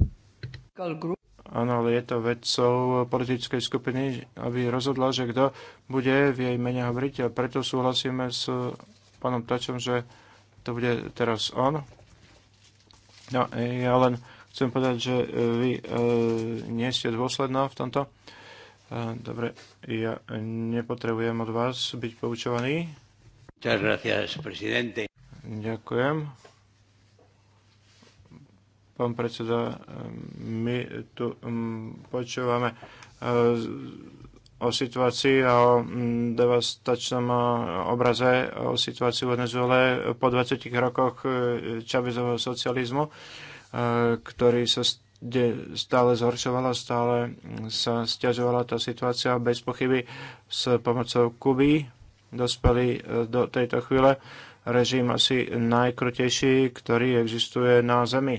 Áno, ale je to vedcov politickej skupiny, aby rozhodla, že kto bude v jej mene hovoriť. A preto súhlasíme s pánom Tačom, že to bude teraz on. No, ja len chcem povedať, že vy e, nie ste dôsledná v tomto. E, dobre, ja nepotrebujem od vás byť poučovaný. Ďakujem pán predseda, my tu mm, počúvame e, o situácii a o mm, devastačnom e, obraze o situácii v Venezuele po 20 rokoch e, Čavezového socializmu, ktorý sa kde stále zhoršovala, stále mm, sa stiažovala tá situácia bez pochyby s pomocou Kuby. Dospeli do tejto chvíle režim asi najkrutejší, ktorý existuje na Zemi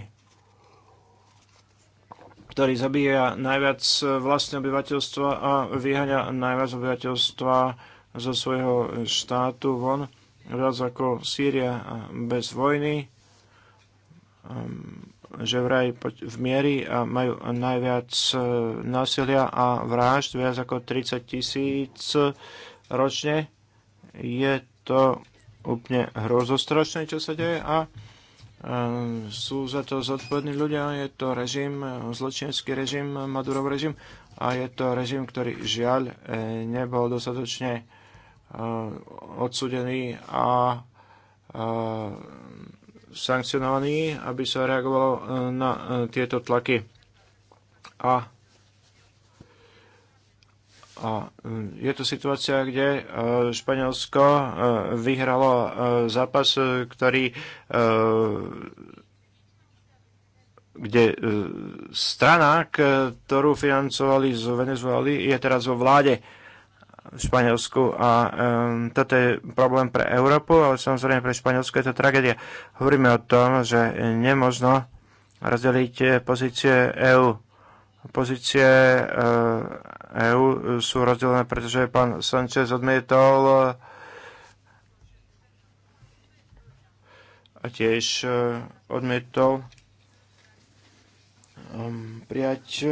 ktorý zabíja najviac eh, vlastné obyvateľstva a vyháňa najviac obyvateľstva zo svojho štátu von, viac ako Sýria bez vojny, ehm, že vraj v miery a majú najviac eh, násilia a vražd, viac ako 30 tisíc ročne. Je to úplne hrozostročné, čo sa deje a sú za to zodpovední ľudia. Je to režim, zločinecký režim, Madurov režim a je to režim, ktorý žiaľ e, nebol dostatočne e, odsudený a e, sankcionovaný, aby sa reagovalo na tieto tlaky. A a hm, je tu situácia, kde e, Španielsko e, vyhralo e, zápas, ktorý kde strana, ktorú financovali z Venezuely, je teraz vo vláde v Španielsku a um, toto je problém pre Európu, ale samozrejme pre Španielsko je to tragédia. Hovoríme o tom, že nemožno rozdeliť pozície EÚ. Pozície uh, EÚ e, sú rozdelené, pretože pán Sanchez odmietol e, a tiež e, odmietol um, prijať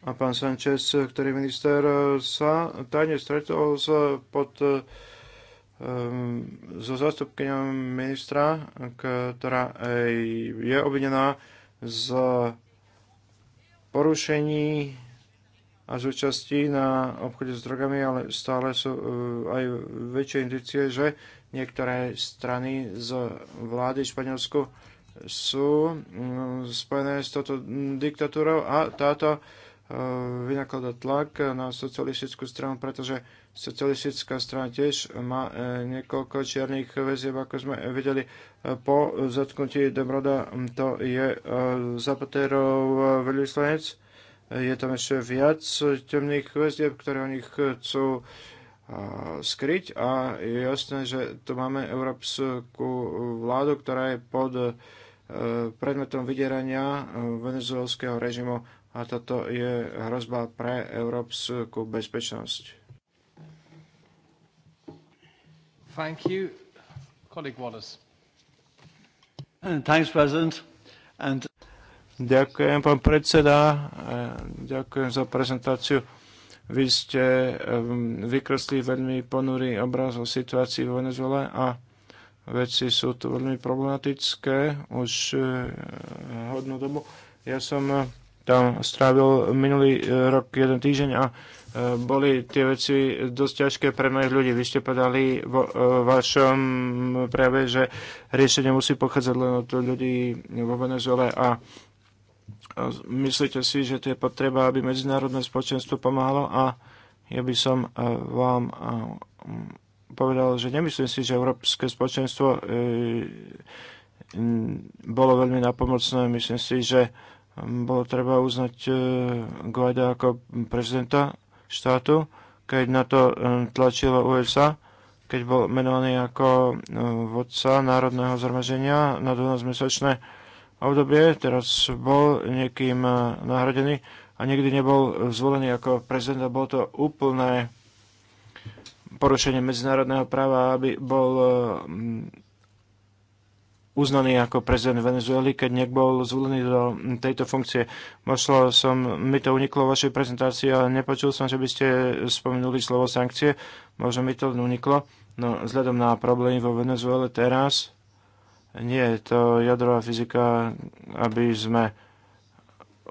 a pán Sanchez, ktorý minister sa tajne stretol s pod um, so zástupkyňou ministra, ktorá je obvinená z porušení a zúčastí na obchode s drogami, ale stále sú e, aj väčšie indicie, že niektoré strany z vlády v Španielsku sú mm, spojené s touto diktatúrou a táto e, vynaklada tlak na socialistickú stranu, pretože socialistická strana tiež má e, niekoľko čiernych väzieb, ako sme videli po zatknutí Demroda. Mm, to je e, Zapaterov e, veľvyslanec. Je tam ešte viac temných väzdeb, ktoré oni chcú e, skryť a je jasné, že tu máme európsku vládu, ktorá je pod predmetom vydierania venezuelského režimu a toto je hrozba pre európsku bezpečnosť. Thank you. Colleague Wallace. Ďakujem, pán predseda. E, ďakujem za prezentáciu. Vy ste e, vykresli veľmi ponurý obraz o situácii v Venezuele a veci sú tu veľmi problematické už e, hodnú dobu. Ja som tam strávil minulý rok jeden týždeň a boli tie veci dosť ťažké pre mnohých ľudí. Vy ste povedali vo e, vašom prejave, že riešenie musí pochádzať len od ľudí vo Venezuele a myslíte si, že to je potreba, aby medzinárodné spoločenstvo pomáhalo a ja by som e, vám e, povedal, že nemyslím si, že Európske spoločenstvo bolo veľmi napomocné. Myslím si, že bolo treba uznať Guaida ako prezidenta štátu, keď na to e, tlačilo USA, keď bol menovaný ako e, vodca Národného zhromaženia na 12-mesačné obdobie, teraz bol niekým e, nahradený a nikdy nebol zvolený ako prezident a bolo to úplné porušenie medzinárodného práva, aby bol uznaný ako prezident Venezuely, keď nejak bol zvolený do tejto funkcie. Možno som, mi to uniklo v vašej prezentácii, ale nepočul som, že by ste spomenuli slovo sankcie. Možno mi to uniklo. No, vzhľadom na problémy vo Venezuele teraz, nie je to jadrová fyzika, aby sme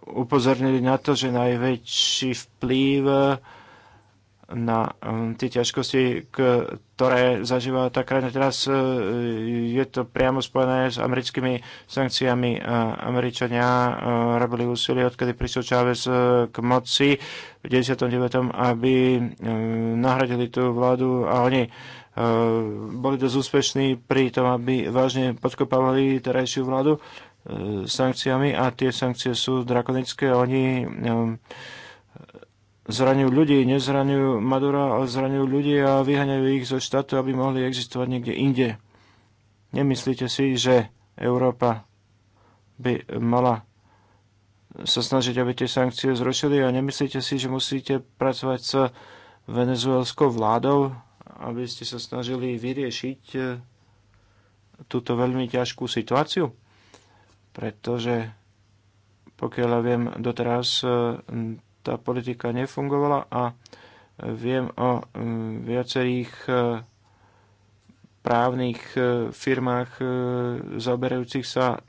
upozornili na to, že najväčší vplyv na um, tie ťažkosti, ktoré zažíva tá krajina teraz. Uh, je to priamo spojené s americkými sankciami. Američania uh, robili úsilie, odkedy prišiel Chávez uh, k moci v 99., aby nahradili tú vládu a oni boli dosť úspešní pri tom, aby vážne podkopávali terajšiu vládu sankciami a tie sankcie sú drakonické. Oni um, zraňujú ľudí, nezraňujú Madura, ale zraňujú ľudí a vyhaňajú ich zo štátu, aby mohli existovať niekde inde. Nemyslíte si, že Európa by mala sa snažiť, aby tie sankcie zrušili a nemyslíte si, že musíte pracovať s venezuelskou vládou, aby ste sa snažili vyriešiť e, túto veľmi ťažkú situáciu? Pretože pokiaľ ja viem, doteraz e, tá politika nefungovala a viem o mm, viacerých e, právnych e, firmách e, zaoberajúcich sa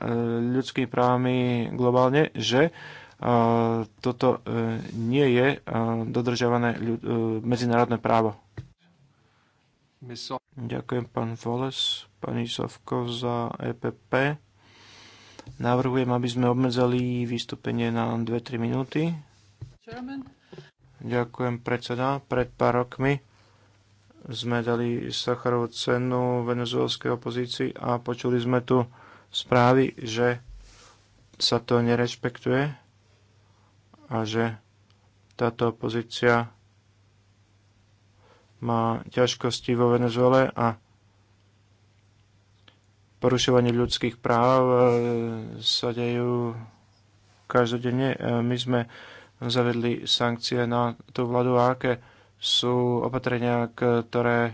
ľudskými právami globálne, že toto nie je dodržiavané medzinárodné právo. Ďakujem pán Voles, pani Sovko za EPP. Navrhujem, aby sme obmedzali vystúpenie na 2-3 minúty. Ďakujem predseda. Pred pár rokmi sme dali Sacharovú cenu venezuelskej opozícii a počuli sme tu správy, že sa to nerešpektuje a že táto opozícia má ťažkosti vo Venezuele a porušovanie ľudských práv e, sa dejú každodenne. E, my sme zavedli sankcie na tú vládu a aké sú opatrenia, ktoré e,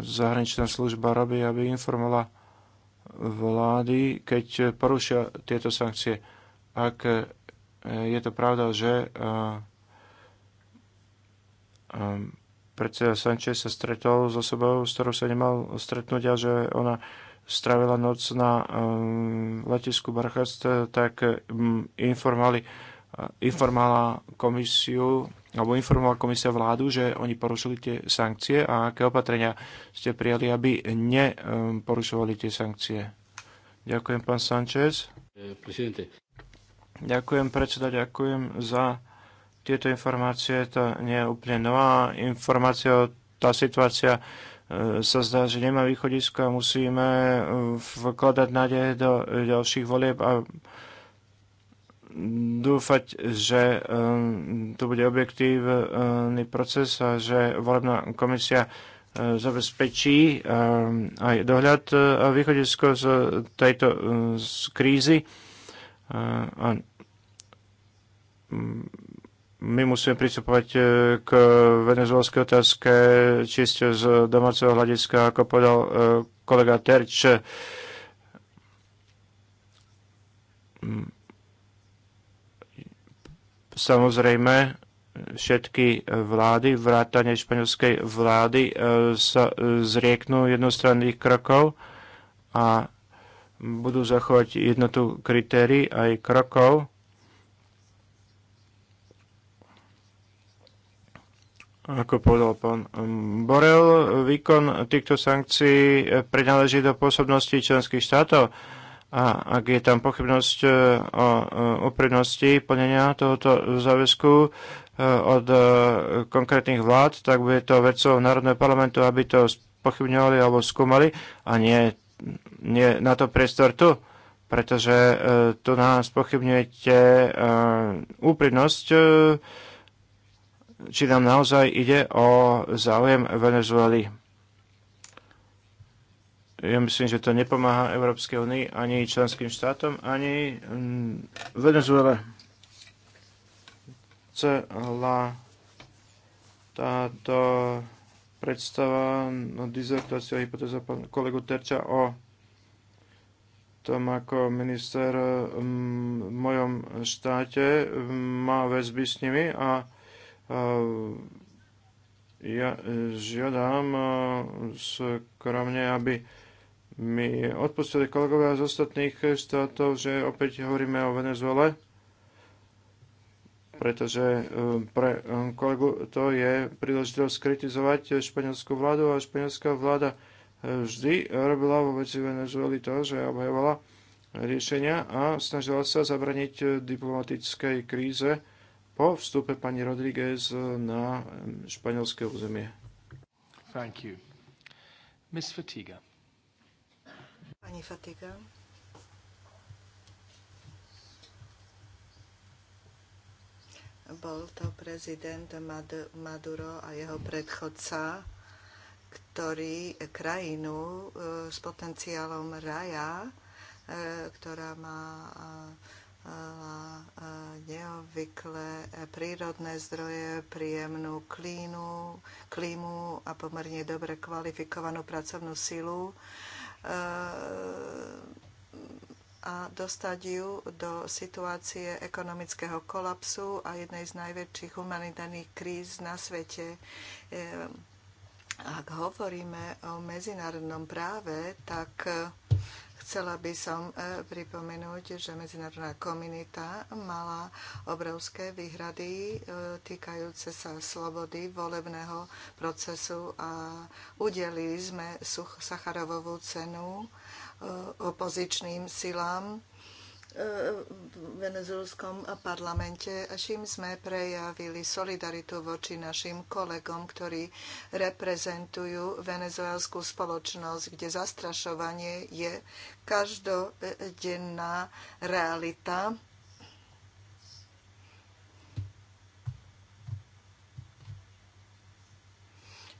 zahraničná služba robí, aby informovala vlády, keď porušia tieto sankcie. Ak e, je to pravda, že e, predseda Sanchez sa stretol so sebou, s ktorou sa nemal stretnúť a že ona strávila noc na letisku Barchast, tak informovali informovala komisiu alebo informovala komisia vládu, že oni porušili tie sankcie a aké opatrenia ste prijali, aby neporušovali tie sankcie. Ďakujem, pán Sanchez. Presidente. Ďakujem, predseda, ďakujem za tieto informácie. To nie je úplne nová informácia. Tá situácia e, sa zdá, že nemá východiska. Musíme e, vkladať nádej do ďalších volieb a dúfať, že ehm, to bude objektívny proces a že volebná komisia ehm, zabezpečí ehm, aj dohľad e, a východisko z tejto e, z krízy. E, a my musíme pristupovať k venezuelskej otázke čisto z domáceho hľadiska, ako povedal kolega Terč mm. Samozrejme, všetky vlády, vrátane španielskej vlády, e, sa e, zrieknú jednostranných krokov a budú zachovať jednotu kritérií aj krokov. Ako povedal pán Borel, výkon týchto sankcií e, prináleží do pôsobnosti členských štátov a ak je tam pochybnosť e, o úprimnosti e, plnenia tohoto záväzku e, od konkrétnych vlád, tak bude to vecou Národného parlamentu, aby to pochybňovali alebo skúmali a nie, nie na to priestor tu pretože tu nás pochybňujete e, úprimnosť, či nám naozaj ide o záujem Venezuely ja myslím, že to nepomáha Európskej únii ani členským štátom, ani mm, Venezuele. Celá táto predstava no, dizertácia hypotéza kolegu Terča o tom, ako minister mm, v mojom štáte mm, má väzby s nimi a ja e, žiadam e, skromne, aby mi odpustili kolegovia z ostatných štátov, že opäť hovoríme o Venezuele, pretože um, pre um, kolegu to je príležitosť kritizovať španielskú vládu a španielská vláda eh, vždy robila vo veci Venezueli to, že obhajovala riešenia a snažila sa zabraniť diplomatickej kríze po vstupe pani Rodríguez na španielské územie. Thank you. Miss Fatiga. Pani Fatiga. Bol to prezident Maduro a jeho predchodca, ktorý krajinu e, s potenciálom raja, e, ktorá má e, neobvyklé prírodné zdroje, príjemnú klínu, klímu a pomerne dobre kvalifikovanú pracovnú silu, a dostať ju do situácie ekonomického kolapsu a jednej z najväčších humanitárnych kríz na svete. Ehm, ak hovoríme o medzinárodnom práve, tak Chcela by som e, pripomenúť, že medzinárodná komunita mala obrovské výhrady e, týkajúce sa slobody volebného procesu a udelili sme Sacharovovú cenu e, opozičným silám E, venezuelskom parlamente, čím sme prejavili solidaritu voči našim kolegom, ktorí reprezentujú venezuelskú spoločnosť, kde zastrašovanie je každodenná realita.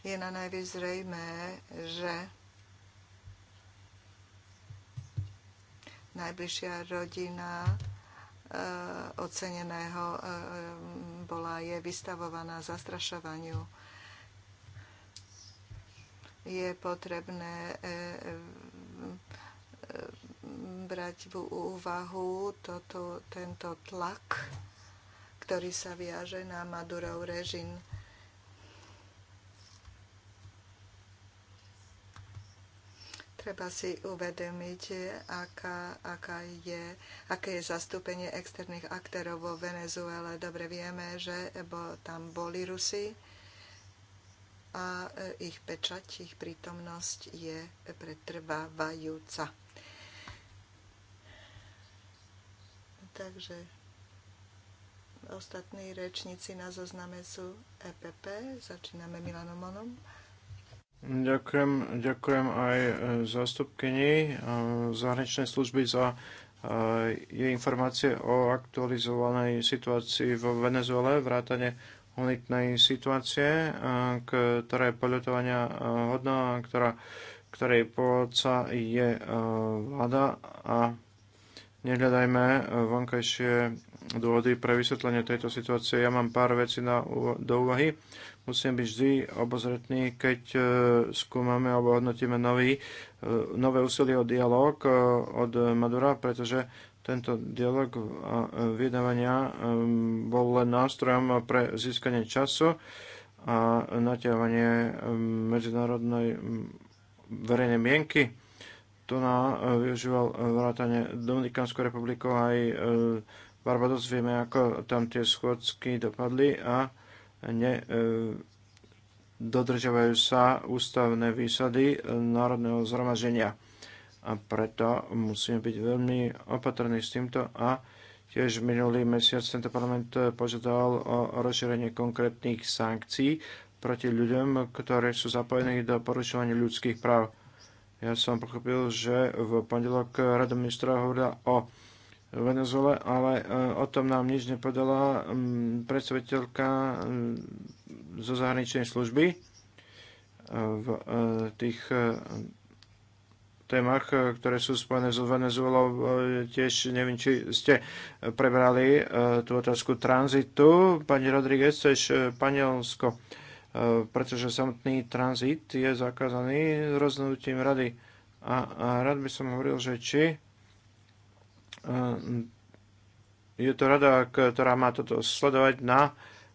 Je na najvyzrejmé, že najbližšia rodina eh, oceneného eh, bola je vystavovaná zastrašovaniu. Je potrebné eh, brať v úvahu toto, tento tlak, ktorý sa viaže na Madurov režim treba si uvedomiť, aká, aká je, aké je zastúpenie externých aktérov vo Venezuele. Dobre vieme, že bo tam boli rusy, a e, ich pečať, ich prítomnosť je pretrvávajúca. Takže ostatní rečníci na zozname sú EPP. Začíname Milanom Monom. Ďakujem, ďakujem aj e, zástupkyni e, zahraničnej služby za e, jej informácie o aktualizovanej situácii vo Venezuele, vrátane unitnej situácie, ktorá je poľutovania hodná, ktorá, ktorej pôvodca je vláda a nehľadajme vonkajšie dôvody pre vysvetlenie tejto situácie. Ja mám pár vecí na, do úvahy. Musím byť vždy obozretný, keď e, skúmame alebo hodnotíme nový, e, nové úsilie o dialog e, od Madura, pretože tento dialog a vydávania bol len nástrojom pre získanie času a natiahovanie medzinárodnej verejnej mienky. To na využíval vrátane Dominikánskou republikou aj Barbados, vieme, ako tam tie schôdzky dopadli a ne, e, sa ústavné výsady Národného zhromaženia. A preto musíme byť veľmi opatrní s týmto a Tiež minulý mesiac tento parlament požadoval o rozšírenie konkrétnych sankcií proti ľuďom, ktorí sú zapojení do porušovania ľudských práv. Ja som pochopil, že v pondelok Rada ministra hovorila o Venezuele, ale e, o tom nám nič nepodala predstaviteľka zo zahraničnej služby e, v e, tých témach, ktoré sú spojené s Venezuelou. Tiež neviem, či ste prebrali tú otázku tranzitu. Pani Rodríguez, to je Španielsko, pretože samotný tranzit je zakázaný rozhodnutím rady. a rád by som hovoril, že či Eh, je to rada, ktorá má toto sledovať na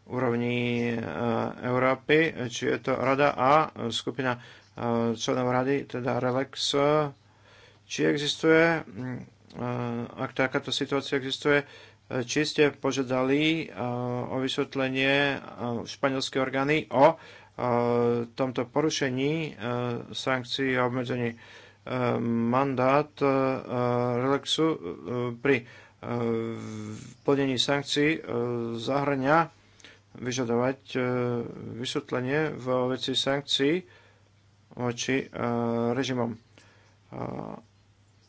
úrovni eh, Európy, či je to rada a skupina eh, členov rady, teda RELEX, či existuje, ak takáto situácia existuje, či ste požiadali o vysvetlenie španielské orgány o tomto porušení sankcií a obmedzení mandát e, e, Relaxu e, pri plnení sankcií zahrňa vyžadovať vysvetlenie v veci sankcií voči režimom.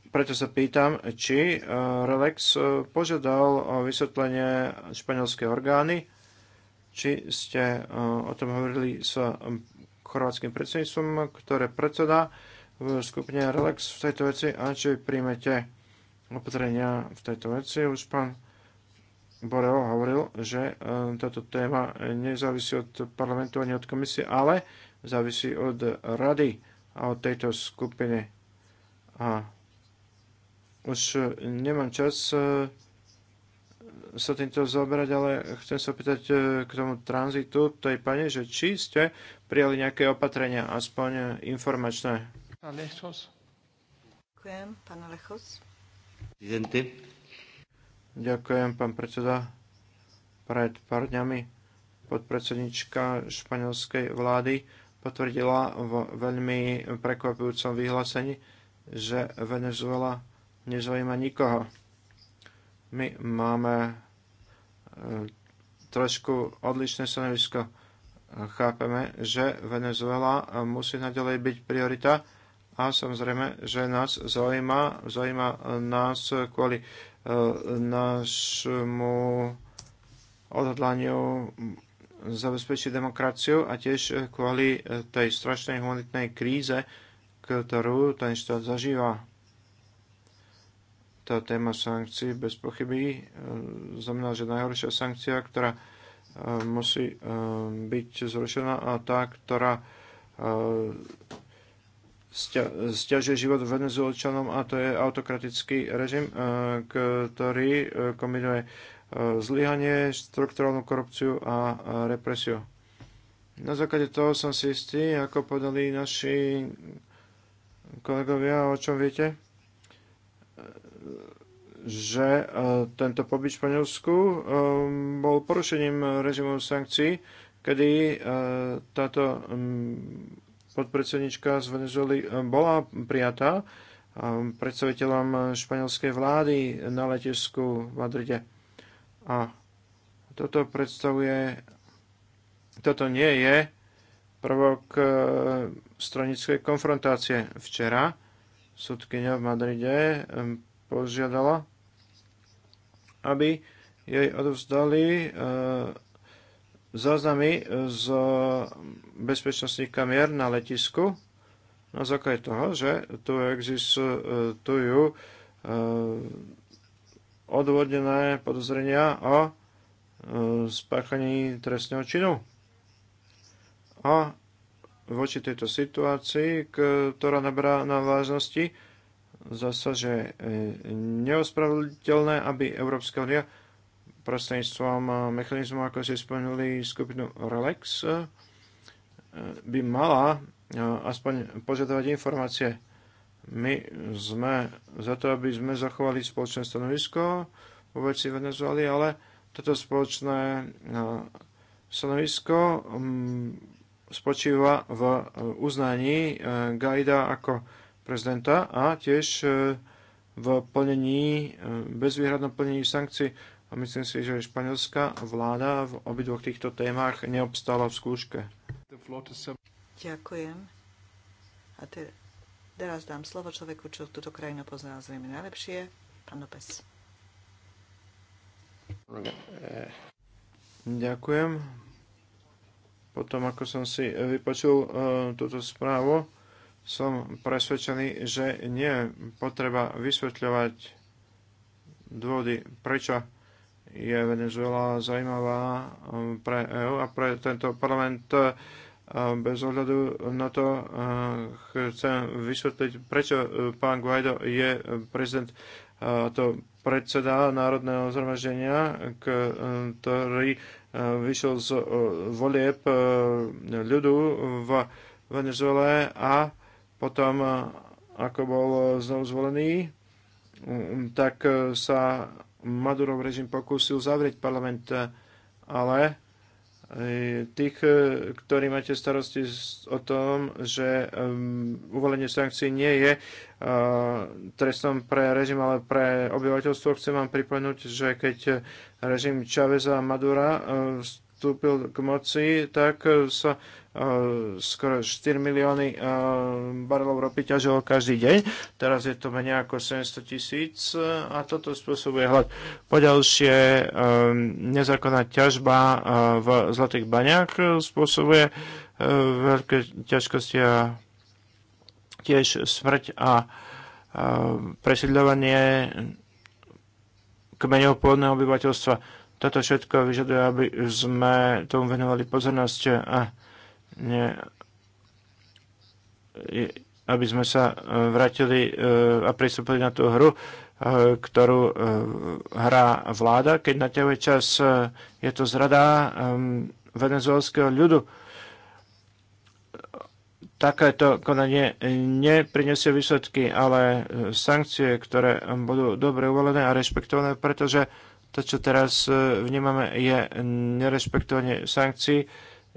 Preto sa pýtam, či Relax požiadal o vysvetlenie španielské orgány, či ste o tom hovorili s chorvátským predsedníctvom, ktoré predseda v skupine Relax v tejto veci a či príjmete opatrenia v tejto veci. Už pán Borel hovoril, že e, táto téma nezávisí od parlamentu ani od komisie, ale závisí od rady a od tejto skupiny. A už nemám čas e, sa týmto zaoberať, ale chcem sa pýtať e, k tomu tranzitu tej pani, že či ste prijali nejaké opatrenia, aspoň informačné. Ďakujem, pán Ďakujem, pán predseda. Pred pár dňami podpredsednička španielskej vlády potvrdila v veľmi prekvapujúcom vyhlásení, že Venezuela nezaujíma nikoho. My máme e, trošku odlišné stanovisko. Chápeme, že Venezuela musí naďalej byť priorita a samozrejme, že nás zaujíma, zaujíma nás kvôli e, nášmu odhodlaniu zabezpečiť demokraciu a tiež kvôli e, tej strašnej humanitnej kríze, ktorú ten štát zažíva. Tá téma sankcií bez pochyby e, znamená, že najhoršia sankcia, ktorá musí byť zrušená a tá, ktorá stiažuje život venezuelčanom a to je autokratický režim, e, ktorý e, kombinuje e, zlyhanie, štruktúrálnu korupciu a represiu. Na základe toho som si istý, ako podali naši kolegovia, o čom viete, že tento pobyt v Španielsku bol porušením režimu sankcií, kedy táto podpredsednička z Venezuely, eh, bola prijatá eh, predstaviteľom španielskej vlády na letisku v Madride. A toto predstavuje, toto nie je prvok eh, stranickej konfrontácie. Včera sudkynia v Madride požiadala, aby jej odovzdali záznamy z eh, eh, bezpečnostných kamier na letisku na základe toho, že tu existujú eh, odvodené podozrenia o spáchaní trestného činu. A voči tejto situácii, ktorá nabrá na vážnosti, zasa, že je neospravedliteľné, aby Európska unia prostredníctvom eh, mechanizmu, ako si spomenuli skupinu Rolex, eh, by mala eh, aspoň požadovať informácie. My sme za to, aby sme zachovali spoločné stanovisko vo veci Venezuely, ale toto spoločné stanovisko mm, spočíva v uznaní Gajda ako prezidenta a tiež v plnení, bezvýhradnom plnení sankcií a myslím si, že španielská vláda v obidvoch týchto témach neobstála v skúške. Ďakujem. A te, teraz dám slovo človeku, čo túto krajinu pozná zrejme najlepšie, pán Lopez. Ďakujem. Potom, ako som si vypočul e, túto správu, som presvedčený, že nie je potreba vysvetľovať dôvody, prečo je Venezuela zajímavá um, pre EU a pre tento parlament. Uh, bez ohľadu na to uh, chcem vysvetliť, prečo uh, pán Guaido je prezident to predseda Národného zhromaždenia, ktorý vyšiel z volieb ľudu v Venezuele a potom, ako bol znovu zvolený, um, tak sa Madurov režim pokúsil zavrieť parlament, e, ale e, tých, e, ktorí máte starosti o tom, že uvolenie sankcií nie je trestom pre režim, ale pre obyvateľstvo, chcem vám pripomenúť, že keď režim Čaveza a Madura vstúpil k moci, tak e, sa e, skoro 4 milióny e, barelov ropy ťažilo každý deň. Teraz je to menej ako 700 tisíc a toto spôsobuje hlad. Poďalšie nezákonná ťažba v zlatých baňách spôsobuje veľké ťažkosti a tiež smrť a presiedľovanie kmeňov pôvodného obyvateľstva toto všetko vyžaduje, aby sme tomu venovali pozornosť a nie, aby sme sa e, vrátili e, a pristúpili na tú hru, e, ktorú hrá vláda. Keď na naťahuje čas, je to zrada venezuelského ľudu. Takéto konanie neprinesie výsledky, ale sankcie, ktoré budú dobre uvolené a rešpektované, pretože to, čo teraz e, vnímame, je nerespektovanie sankcií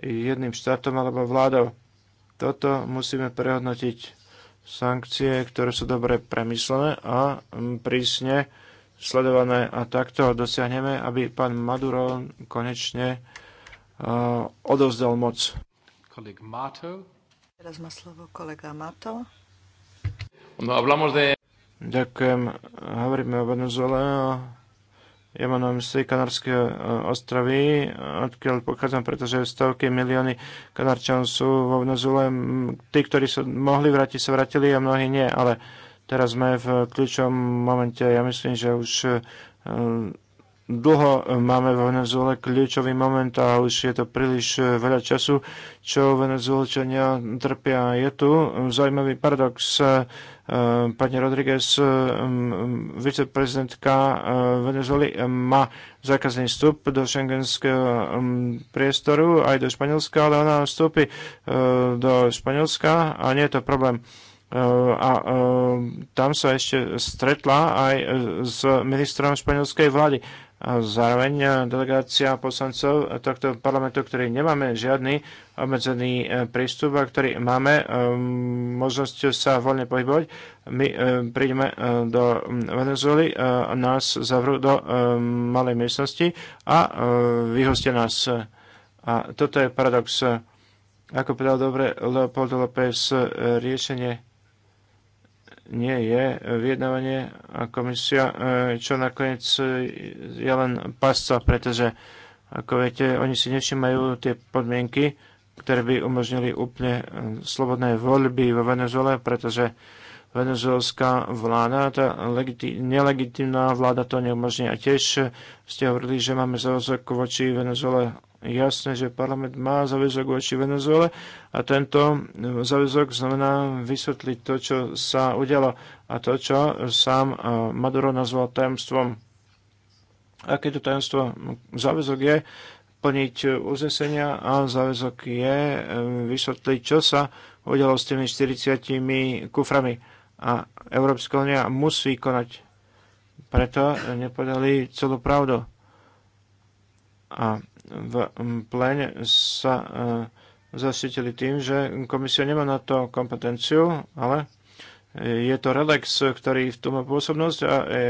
jedným štátom alebo vládou. Toto musíme prehodnotiť. Sankcie, ktoré sú dobre premyslené a prísne sledované a takto dosiahneme, aby pán Maduro konečne uh, odovzdal moc. Koleg Mato. Teraz má slovo kolega Mato. No, hablamos de... Ďakujem. Hovoríme o Venezuele, ja mám na mysli Kanárske e, ostrovy, odkiaľ pochádzam, pretože stovky milióny Kanárčanov sú vo Venezuele. Tí, ktorí sa mohli vrátiť, sa vrátili a mnohí nie, ale teraz sme v kľúčovom momente. Ja myslím, že už e, dlho máme v Venezuele kľúčový moment a už je to príliš e, veľa času, čo Venezuelčania trpia. Je tu zaujímavý paradox. Ehm, pani Rodriguez, ehm, ehm, viceprezidentka Venezuely, má zákazný vstup do šengenského priestoru aj do Španielska, ale ona vstúpi do Španielska a nie je to problém. A tam sa ešte stretla aj s ministrom španielskej vlády. A zároveň e, delegácia poslancov tohto parlamentu, ktorý nemáme žiadny obmedzený e, prístup a ktorý máme e, možnosť sa voľne pohybovať. My prídeme do Venezuely, nás zavrú do malej miestnosti a vyhostia nás. A toto je paradox. Ako povedal dobre Leopoldo López, riešenie nie je vyjednávanie a komisia, e, čo nakoniec e, je len pasca, pretože ako viete, oni si nevšimajú tie podmienky, ktoré by umožnili úplne e, slobodné voľby vo Venezuele, pretože venezuelská vláda, tá legiti- nelegitimná vláda to neumožní. A tiež ste hovorili, že máme záväzok voči Venezuele jasné, že parlament má záväzok voči Venezuele a tento záväzok znamená vysvetliť to, čo sa udialo a to, čo sám eh, Maduro nazval tajomstvom. Aké to tajomstvo? Záväzok je plniť uznesenia a záväzok je eh, vysvetliť, čo sa udialo s tými 40 kuframi. A Európska unia musí konať. Preto nepodali celú pravdu. A v plene sa e, zasítili tým, že komisia nemá na to kompetenciu, ale je to Relax, ktorý v tom má pôsobnosť a e,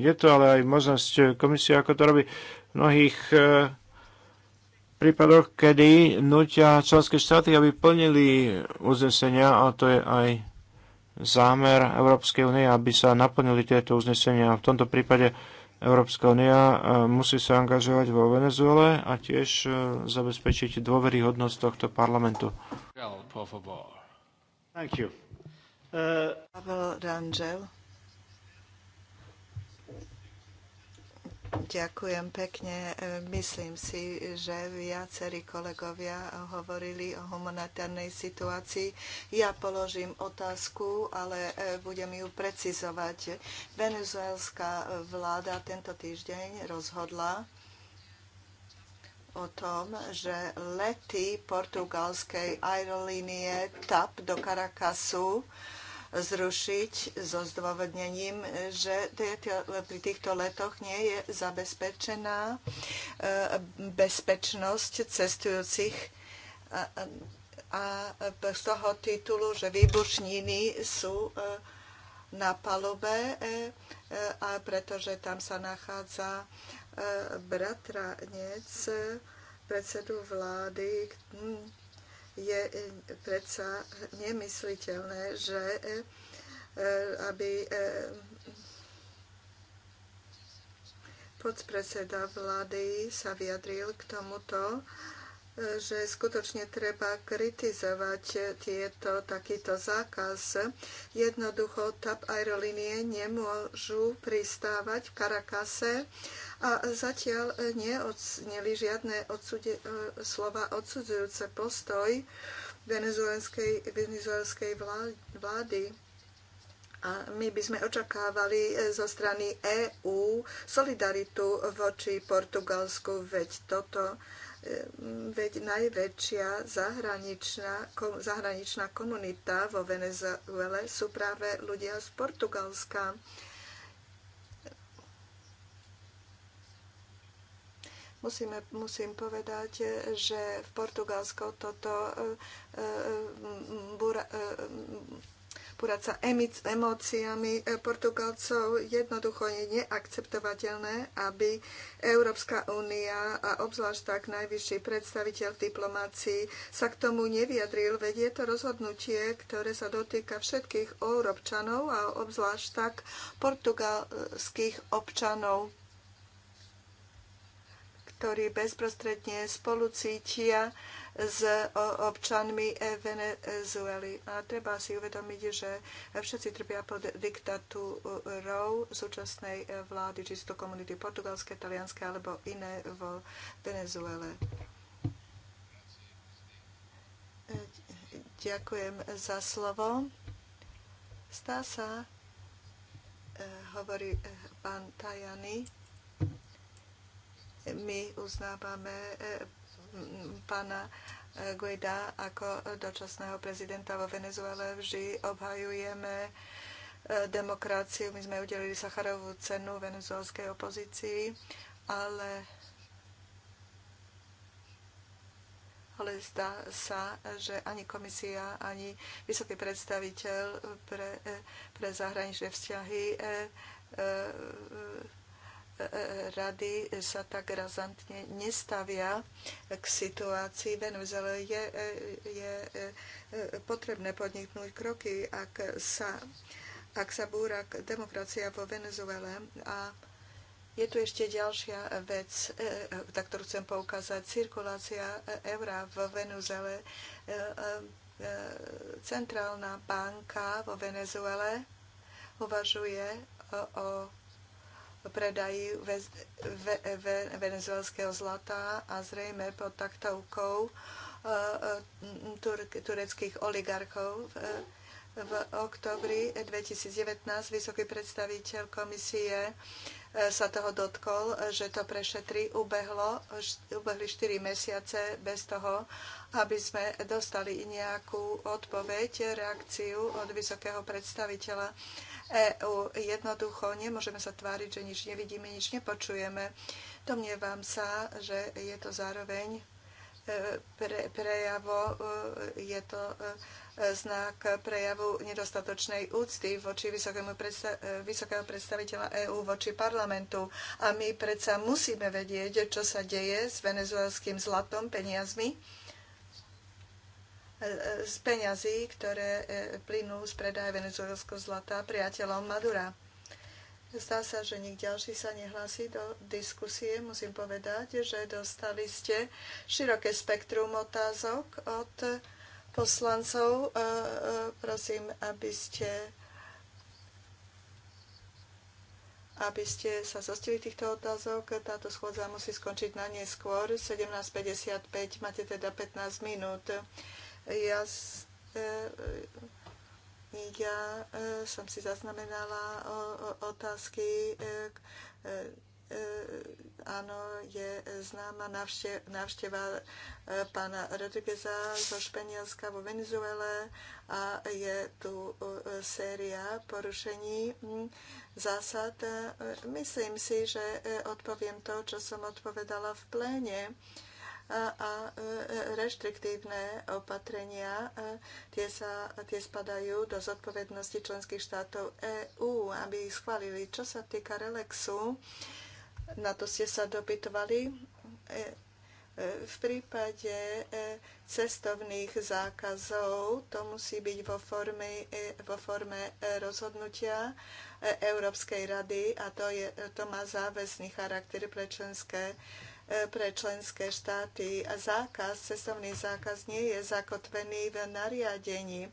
je to ale aj možnosť komisie, ako to robí v mnohých e, prípadoch, kedy nutia členské štáty, aby plnili uznesenia a to je aj zámer Európskej únie, aby sa naplnili tieto uznesenia. V tomto prípade Európska unia e, musí sa angažovať vo Venezuele a tiež e, zabezpečiť dôveryhodnosť tohto parlamentu. Uh, Pavel Rangel. Ďakujem pekne. E, myslím si, že viacerí kolegovia hovorili o humanitárnej situácii. Ja položím otázku, ale e, budem ju precizovať. Venezuelská vláda tento týždeň rozhodla, o tom, že lety portugalskej aerolínie TAP do Caracasu zrušiť so zdôvodnením, že pri týchto letoch nie je zabezpečená e, bezpečnosť cestujúcich a z toho titulu, že výbušniny sú e, na palube, e, a pretože tam sa nachádza bratranec predsedu vlády, je e, predsa nemysliteľné, že e, e, aby podpredseda vlády sa vyjadril k tomuto, že skutočne treba kritizovať tieto, takýto zákaz. Jednoducho TAP aerolínie nemôžu pristávať v Karakase a zatiaľ e, neodsneli žiadne odsude, e, slova odsudzujúce postoj venezuelskej, venezuelskej vlády. A my by sme očakávali e, zo strany EÚ solidaritu voči Portugalsku, veď toto veď najväčšia zahraničná, kom, zahraničná komunita vo Venezuele sú práve ľudia z Portugalska. Musíme, musím povedať, že v Portugalsku toto e, e, bura, e, sa emóciami Portugalcov jednoducho je neakceptovateľné, aby Európska únia a obzvlášť tak najvyšší predstaviteľ diplomácií diplomácii sa k tomu nevyjadril, veď je to rozhodnutie, ktoré sa dotýka všetkých Európčanov a obzvlášť tak portugalských občanov ktorí bezprostredne spolu cítia s občanmi e, Venezuely. A treba si uvedomiť, že všetci trpia pod diktatúrou súčasnej e, vlády, či sú to komunity portugalské, talianské alebo iné vo Venezuele. E, ďakujem za slovo. Stá sa, hovorí pán Tajany, my uznávame e, pána e, Guaida ako dočasného prezidenta vo Venezuele. Vždy obhajujeme e, demokraciu. My sme udelili Sacharovú cenu venezuelskej opozícii, ale, ale zdá sa, že ani komisia, ani vysoký predstaviteľ pre, pre zahraničné vzťahy rady sa tak razantne nestavia k situácii Venezuele. Je, je e, potrebné podniknúť kroky, ak sa, ak sa búra demokracia vo Venezuele. A je tu ešte ďalšia vec, e, na ktorú chcem poukázať. Cirkulácia e, eura v Venezuele. Centrálna banka vo Venezuele uvažuje o predaji venezuelského zlata a zrejme pod taktovkou e, e, tureckých oligarchov. V oktobri 2019 vysoký predstaviteľ komisie e, sa toho dotkol, že to prešetri ubehlo, ubehli 4 mesiace bez toho, aby sme dostali nejakú odpoveď, reakciu od vysokého predstaviteľa EÚ. Jednoducho nemôžeme sa tváriť, že nič nevidíme, nič nepočujeme. Domnievam sa, že je to zároveň e, pre, prejavo, e, je to e, znak prejavu nedostatočnej úcty voči predsta- vysokého predstaviteľa EÚ voči parlamentu. A my predsa musíme vedieť, čo sa deje s venezuelským zlatom, peniazmi, z peňazí, ktoré e, plynú z predaja venezuelského zlata priateľom Madura. Zdá sa, že nik ďalší sa nehlási do diskusie. Musím povedať, že dostali ste široké spektrum otázok od poslancov. E, e, prosím, aby ste aby ste sa zostili týchto otázok. Táto schôdza musí skončiť na neskôr. 17.55, máte teda 15 minút. Ja, ja e, som si zaznamenala otázky, e, e, áno, je známa návšteva pána Rodrigueza zo Španielska vo Venezuele a je tu séria porušení hm, zásad. Myslím si, že odpoviem to, čo som odpovedala v pléne a e, reštriktívne opatrenia, e, tie, sa, tie spadajú do zodpovednosti členských štátov EÚ, aby ich schválili. Čo sa týka relaxu, na to ste sa dopytovali, e, v prípade cestovných zákazov to musí byť vo forme, vo forme rozhodnutia Európskej rady a to, je, to má záväzný charakter pre členské E, pre členské štáty. Zákaz, cestovný zákaz nie je zakotvený v nariadení. A, e,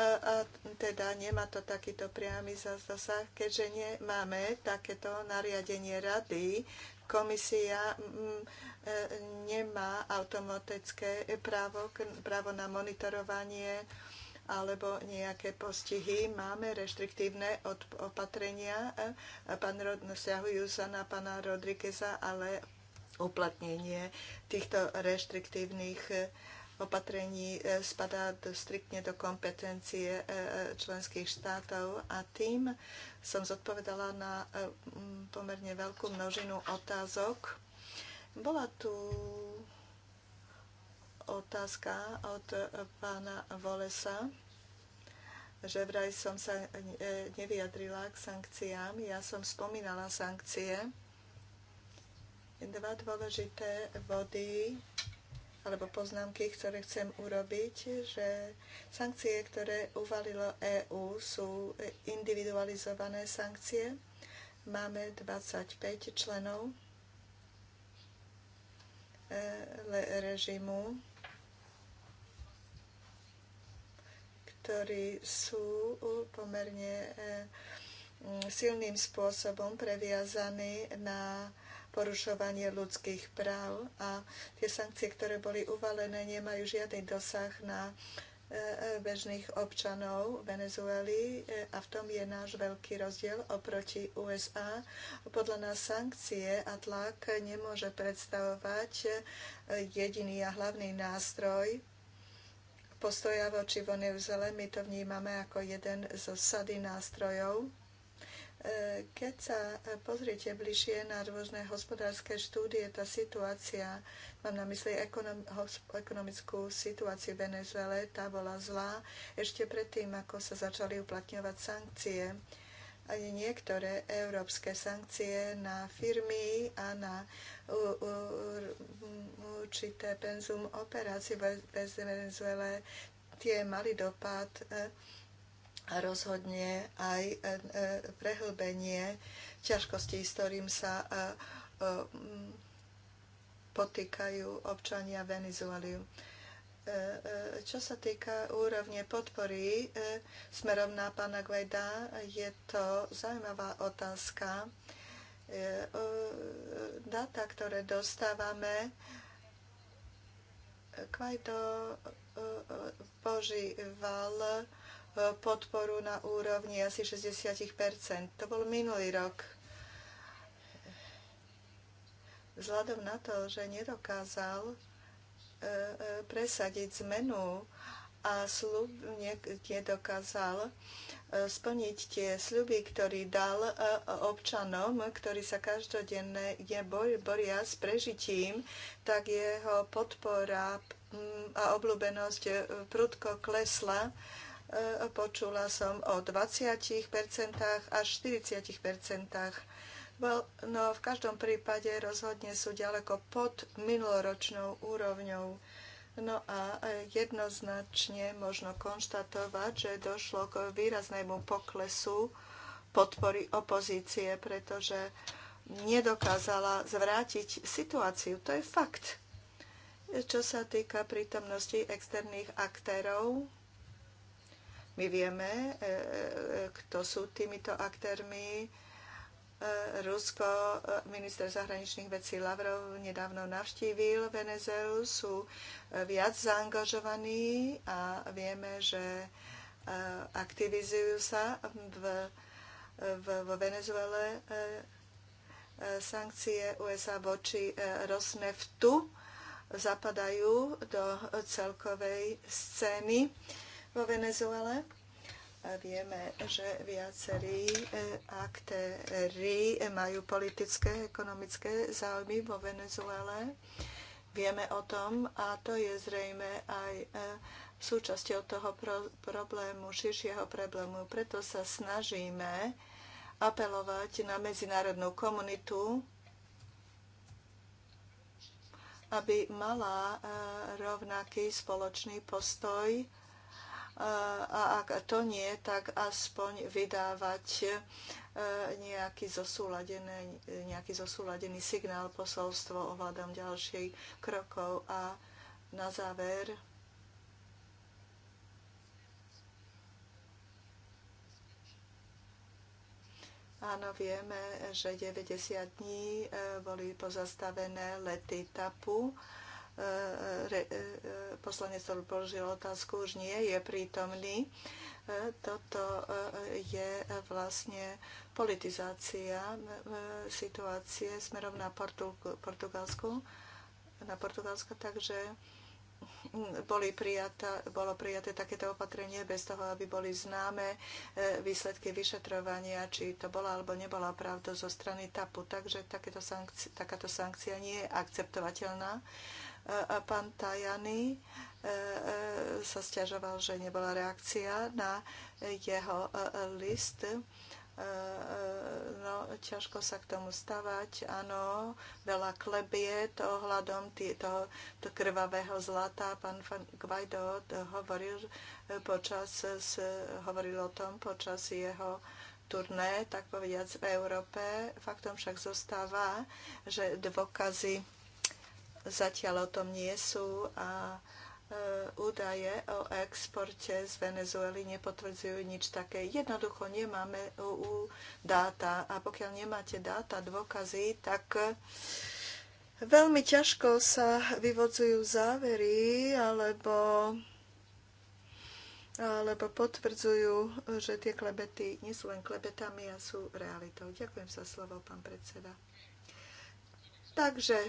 a teda nemá to takýto priamy zásah, keďže nemáme takéto nariadenie rady, komisia mm, e, nemá automatické právo, právo na monitorovanie alebo nejaké postihy. Máme reštriktívne opatrenia, pán, stiahujú sa na pána Rodríkeza, ale uplatnenie týchto reštriktívnych eh, opatrení eh, spadá do, striktne do kompetencie eh, členských štátov a tým som zodpovedala na pomerne veľkú množinu otázok. Bola tu otázka od pána Volesa, že vraj som sa nevyjadrila k sankciám. Ja som spomínala sankcie dva dôležité vody alebo poznámky, ktoré chcem urobiť, že sankcie, ktoré uvalilo EÚ, sú individualizované sankcie. Máme 25 členov eh, režimu, ktorí sú pomerne eh, mm, silným spôsobom previazaní na porušovanie ľudských práv a tie sankcie, ktoré boli uvalené, nemajú žiadny dosah na e, e, bežných občanov Venezuely e, a v tom je náš veľký rozdiel oproti USA. Podľa nás sankcie a tlak nemôže predstavovať jediný a hlavný nástroj postoja voči Venezuele. My to vnímame ako jeden zo sady nástrojov keď sa pozriete bližšie na rôzne hospodárske štúdie, tá situácia, mám na mysli ekonomickú situáciu v Venezuele, tá bola zlá ešte predtým, ako sa začali uplatňovať sankcie. Ani niektoré európske sankcie na firmy a na určité penzum operácií v Venezuele tie mali dopad eh, rozhodne aj e, e, prehlbenie ťažkostí, s ktorým sa e, potýkajú občania Venezuely. Čo sa týka úrovne podpory smerom na pána Guaida, je to zaujímavá otázka. Data, ktoré dostávame, Guaido požíval podporu na úrovni asi 60 To bol minulý rok. Vzhľadom na to, že nedokázal e, e, presadiť zmenu a slub nedokázal e, splniť tie sľuby, ktorý dal občanom, ktorí sa každodenne boria s prežitím, tak jeho podpora a obľúbenosť prudko klesla E, počula som o 20% až 40%. No, v každom prípade rozhodne sú ďaleko pod minuloročnou úrovňou. No a e, jednoznačne možno konštatovať, že došlo k výraznému poklesu podpory opozície, pretože nedokázala zvrátiť situáciu. To je fakt. Čo sa týka prítomnosti externých aktérov, my vieme, e, e, kto sú týmito aktérmi. E, Rusko, minister zahraničných vecí Lavrov nedávno navštívil Venezuelu, sú viac zaangažovaní a vieme, že aktivizujú sa v, v, v Venezuele sankcie USA voči Rosneftu zapadajú do celkovej scény vo Venezuele. vieme, že viacerí e, aktéry majú politické, ekonomické záujmy vo Venezuele. Vieme o tom a to je zrejme aj e, súčasťou toho problému, širšieho problému. Preto sa snažíme apelovať na medzinárodnú komunitu, aby mala e, rovnaký spoločný postoj a ak to nie, tak aspoň vydávať e, nejaký zosúladený, nejaký zosúladený signál posolstvo ohľadom ďalších krokov. A na záver Áno, vieme, že 90 dní e, boli pozastavené lety TAPu E, e, poslanec, ktorý položil otázku, už nie je prítomný. E, toto je vlastne politizácia situácie smerom na Portugalsku, na Portugalsko, takže boli prijata, bolo prijaté takéto opatrenie bez toho, aby boli známe výsledky vyšetrovania, či to bola alebo nebola pravda zo strany TAPu. Takže takéto sankci- takáto sankcia nie je akceptovateľná. Pán Tajany e, e, sa stiažoval, že nebola reakcia na jeho e, list. No, ťažko sa k tomu stavať. Áno, veľa to ohľadom toho krvavého zlata. Pán Guaido hovoril, počas, hovoril o tom počas jeho turné, tak povediac, v Európe. Faktom však zostáva, že dôkazy Zatiaľ o tom nie sú a e, údaje o exporte z Venezuely nepotvrdzujú nič také. Jednoducho nemáme EU dáta a pokiaľ nemáte dáta, dôkazy, tak e, veľmi ťažko sa vyvodzujú závery alebo, alebo potvrdzujú, že tie klebety nie sú len klebetami a sú realitou. Ďakujem za slovo, pán predseda. Takže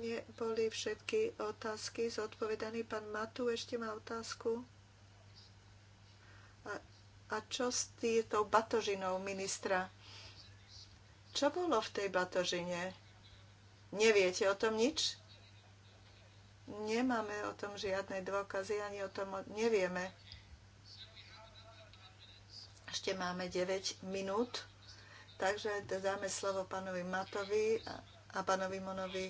neboli všetky otázky zodpovedané. Pán Matu ešte má otázku. A, a čo s tou batožinou ministra? Čo bolo v tej batožine? Neviete o tom nič? Nemáme o tom žiadne dôkazy, ani o tom nevieme. Ešte máme 9 minút, takže dáme slovo pánovi Matovi a pánovi Monovi.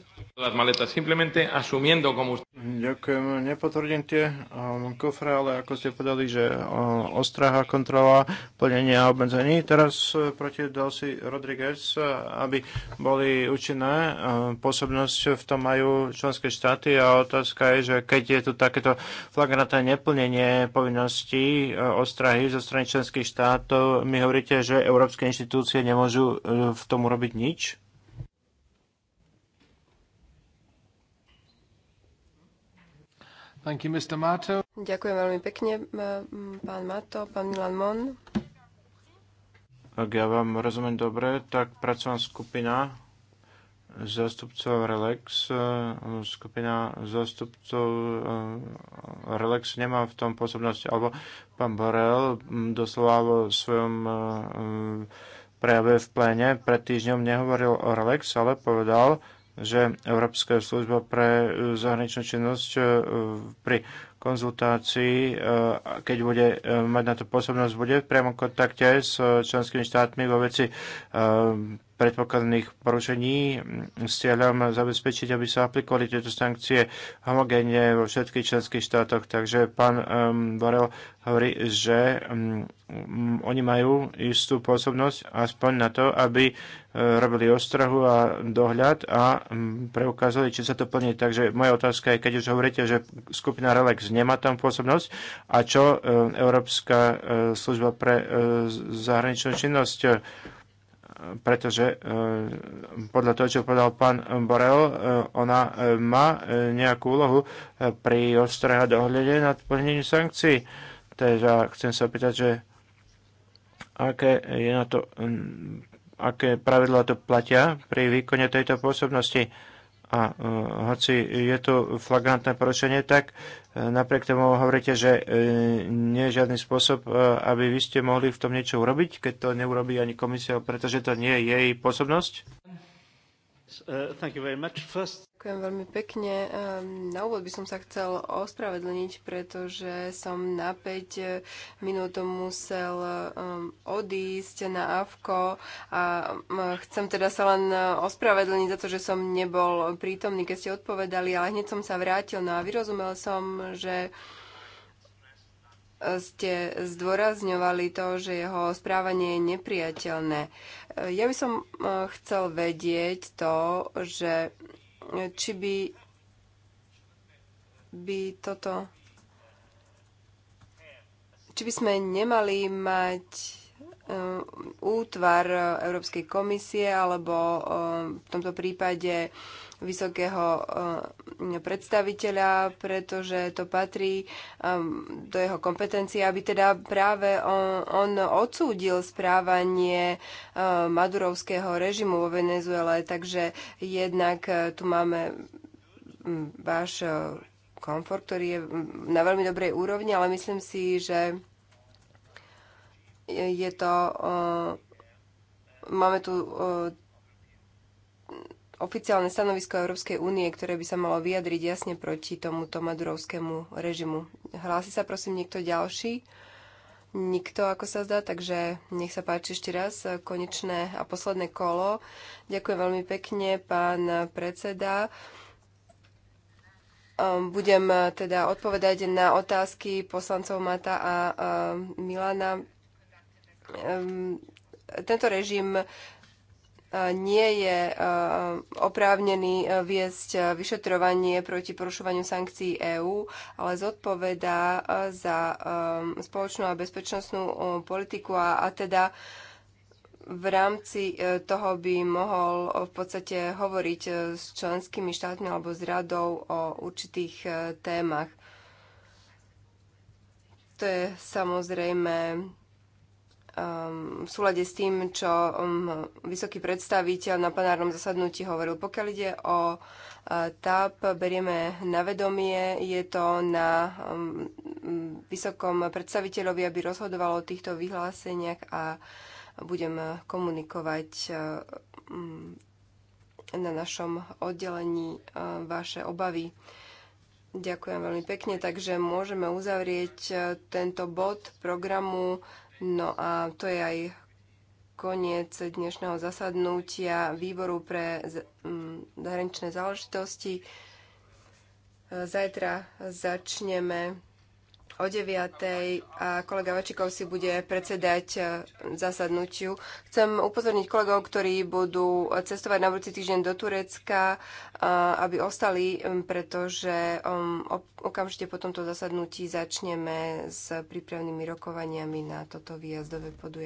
Ďakujem, nepotvrdím tie um, kofre, ale ako ste povedali, že um, ostraha kontrola plnenia obmedzení. Teraz uh, proti Dalsi Rodriguez, uh, aby boli účinné, uh, pôsobnosť v tom majú členské štáty a otázka je, že keď je tu takéto flagrantné neplnenie povinností uh, ostrahy zo strany členských štátov, mi hovoríte, že európske inštitúcie nemôžu uh, v tom urobiť nič? You, Ďakujem veľmi pekne, pán Mato, pán Milan Mon. Ak ja vám rozumiem dobre, tak pracovná skupina zástupcov Relax, e, skupina zástupcov e, Relax nemá v tom pôsobnosti, alebo pán Borel doslova vo svojom e, prejave v pléne pred týždňom nehovoril o Relax, ale povedal, že Európska služba pre e, zahraničnú činnosť e, pri konzultácii, e, keď bude mať na to pôsobnosť, bude v priamom kontakte s členskými štátmi vo veci predpokladných porušení s cieľom zabezpečiť, aby sa aplikovali tieto sankcie homogénne vo všetkých členských štátoch. Takže pán um, Borel hovorí, že um, oni majú istú pôsobnosť aspoň na to, aby uh, robili ostrahu a dohľad a um, preukázali, či sa to plní. Takže moja otázka je, keď už hovoríte, že skupina Relex nemá tam pôsobnosť a čo uh, Európska uh, služba pre zahraničnú činnosť pretože e, podľa toho, čo povedal pán Borel, e, ona e, má nejakú úlohu pri ostreha dohľade nad plnením sankcií. Takže teda chcem sa opýtať, že aké, je na to, aké pravidlá to platia pri výkone tejto pôsobnosti a e, hoci je tu flagrantné porušenie, tak e, napriek tomu hovoríte, že e, nie je žiadny spôsob, aby vy ste mohli v tom niečo urobiť, keď to neurobí ani komisia, pretože to nie je jej pôsobnosť? Uh, First... Ďakujem veľmi pekne. Ehm, na úvod by som sa chcel ospravedlniť, pretože som na 5 e, minút musel ehm, odísť na AVKO a chcem teda sa len e, ospravedlniť za to, že som nebol prítomný, keď ste odpovedali, ale hneď som sa vrátil. No a vyrozumel som, že e, ste zdôrazňovali to, že jeho správanie je nepriateľné. Ja by som chcel vedieť to, že či by, by toto či by sme nemali mať um, útvar Európskej komisie alebo um, v tomto prípade vysokého eh, predstaviteľa, pretože to patrí eh, do jeho kompetencie, aby teda práve on, on odsúdil správanie eh, madurovského režimu vo Venezuele. Takže jednak tu máme hm, váš komfort, ktorý je hm, na veľmi dobrej úrovni, ale myslím si, že je to... Máme tu oficiálne stanovisko Európskej únie, ktoré by sa malo vyjadriť jasne proti tomuto madurovskému režimu. Hlási sa prosím niekto ďalší? Nikto, ako sa zdá, takže nech sa páči ešte raz konečné a posledné kolo. Ďakujem veľmi pekne, pán predseda. Ehm, budem teda odpovedať na otázky poslancov Mata a ehm, Milana ehm, tento režim nie je e, oprávnený e, viesť e, vyšetrovanie proti porušovaniu sankcií EÚ, ale zodpovedá za spoločnú a bezpečnostnú politiku a, a teda v rámci toho by mohol v podstate hovoriť s členskými štátmi alebo s radou o určitých témach. To je samozrejme v súlade s tým, čo um, vysoký predstaviteľ na plenárnom zasadnutí hovoril. Pokiaľ ide o uh, TAP, berieme na vedomie, je to na um, vysokom predstaviteľovi, aby rozhodovalo o týchto vyhláseniach a budem komunikovať uh, mm, na našom oddelení uh, vaše obavy. Ďakujem veľmi pekne, takže môžeme uzavrieť tento bod programu. No a to je aj koniec dnešného zasadnutia výboru pre zahraničné záležitosti. E, zajtra začneme o 9. a kolega Vačikov si bude predsedať e, zasadnutiu. Chcem upozorniť kolegov, ktorí budú cestovať na budúci týždeň do Turecka, e, aby ostali, pretože okamžite po tomto zasadnutí začneme s prípravnými rokovaniami na toto výjazdové podujatie.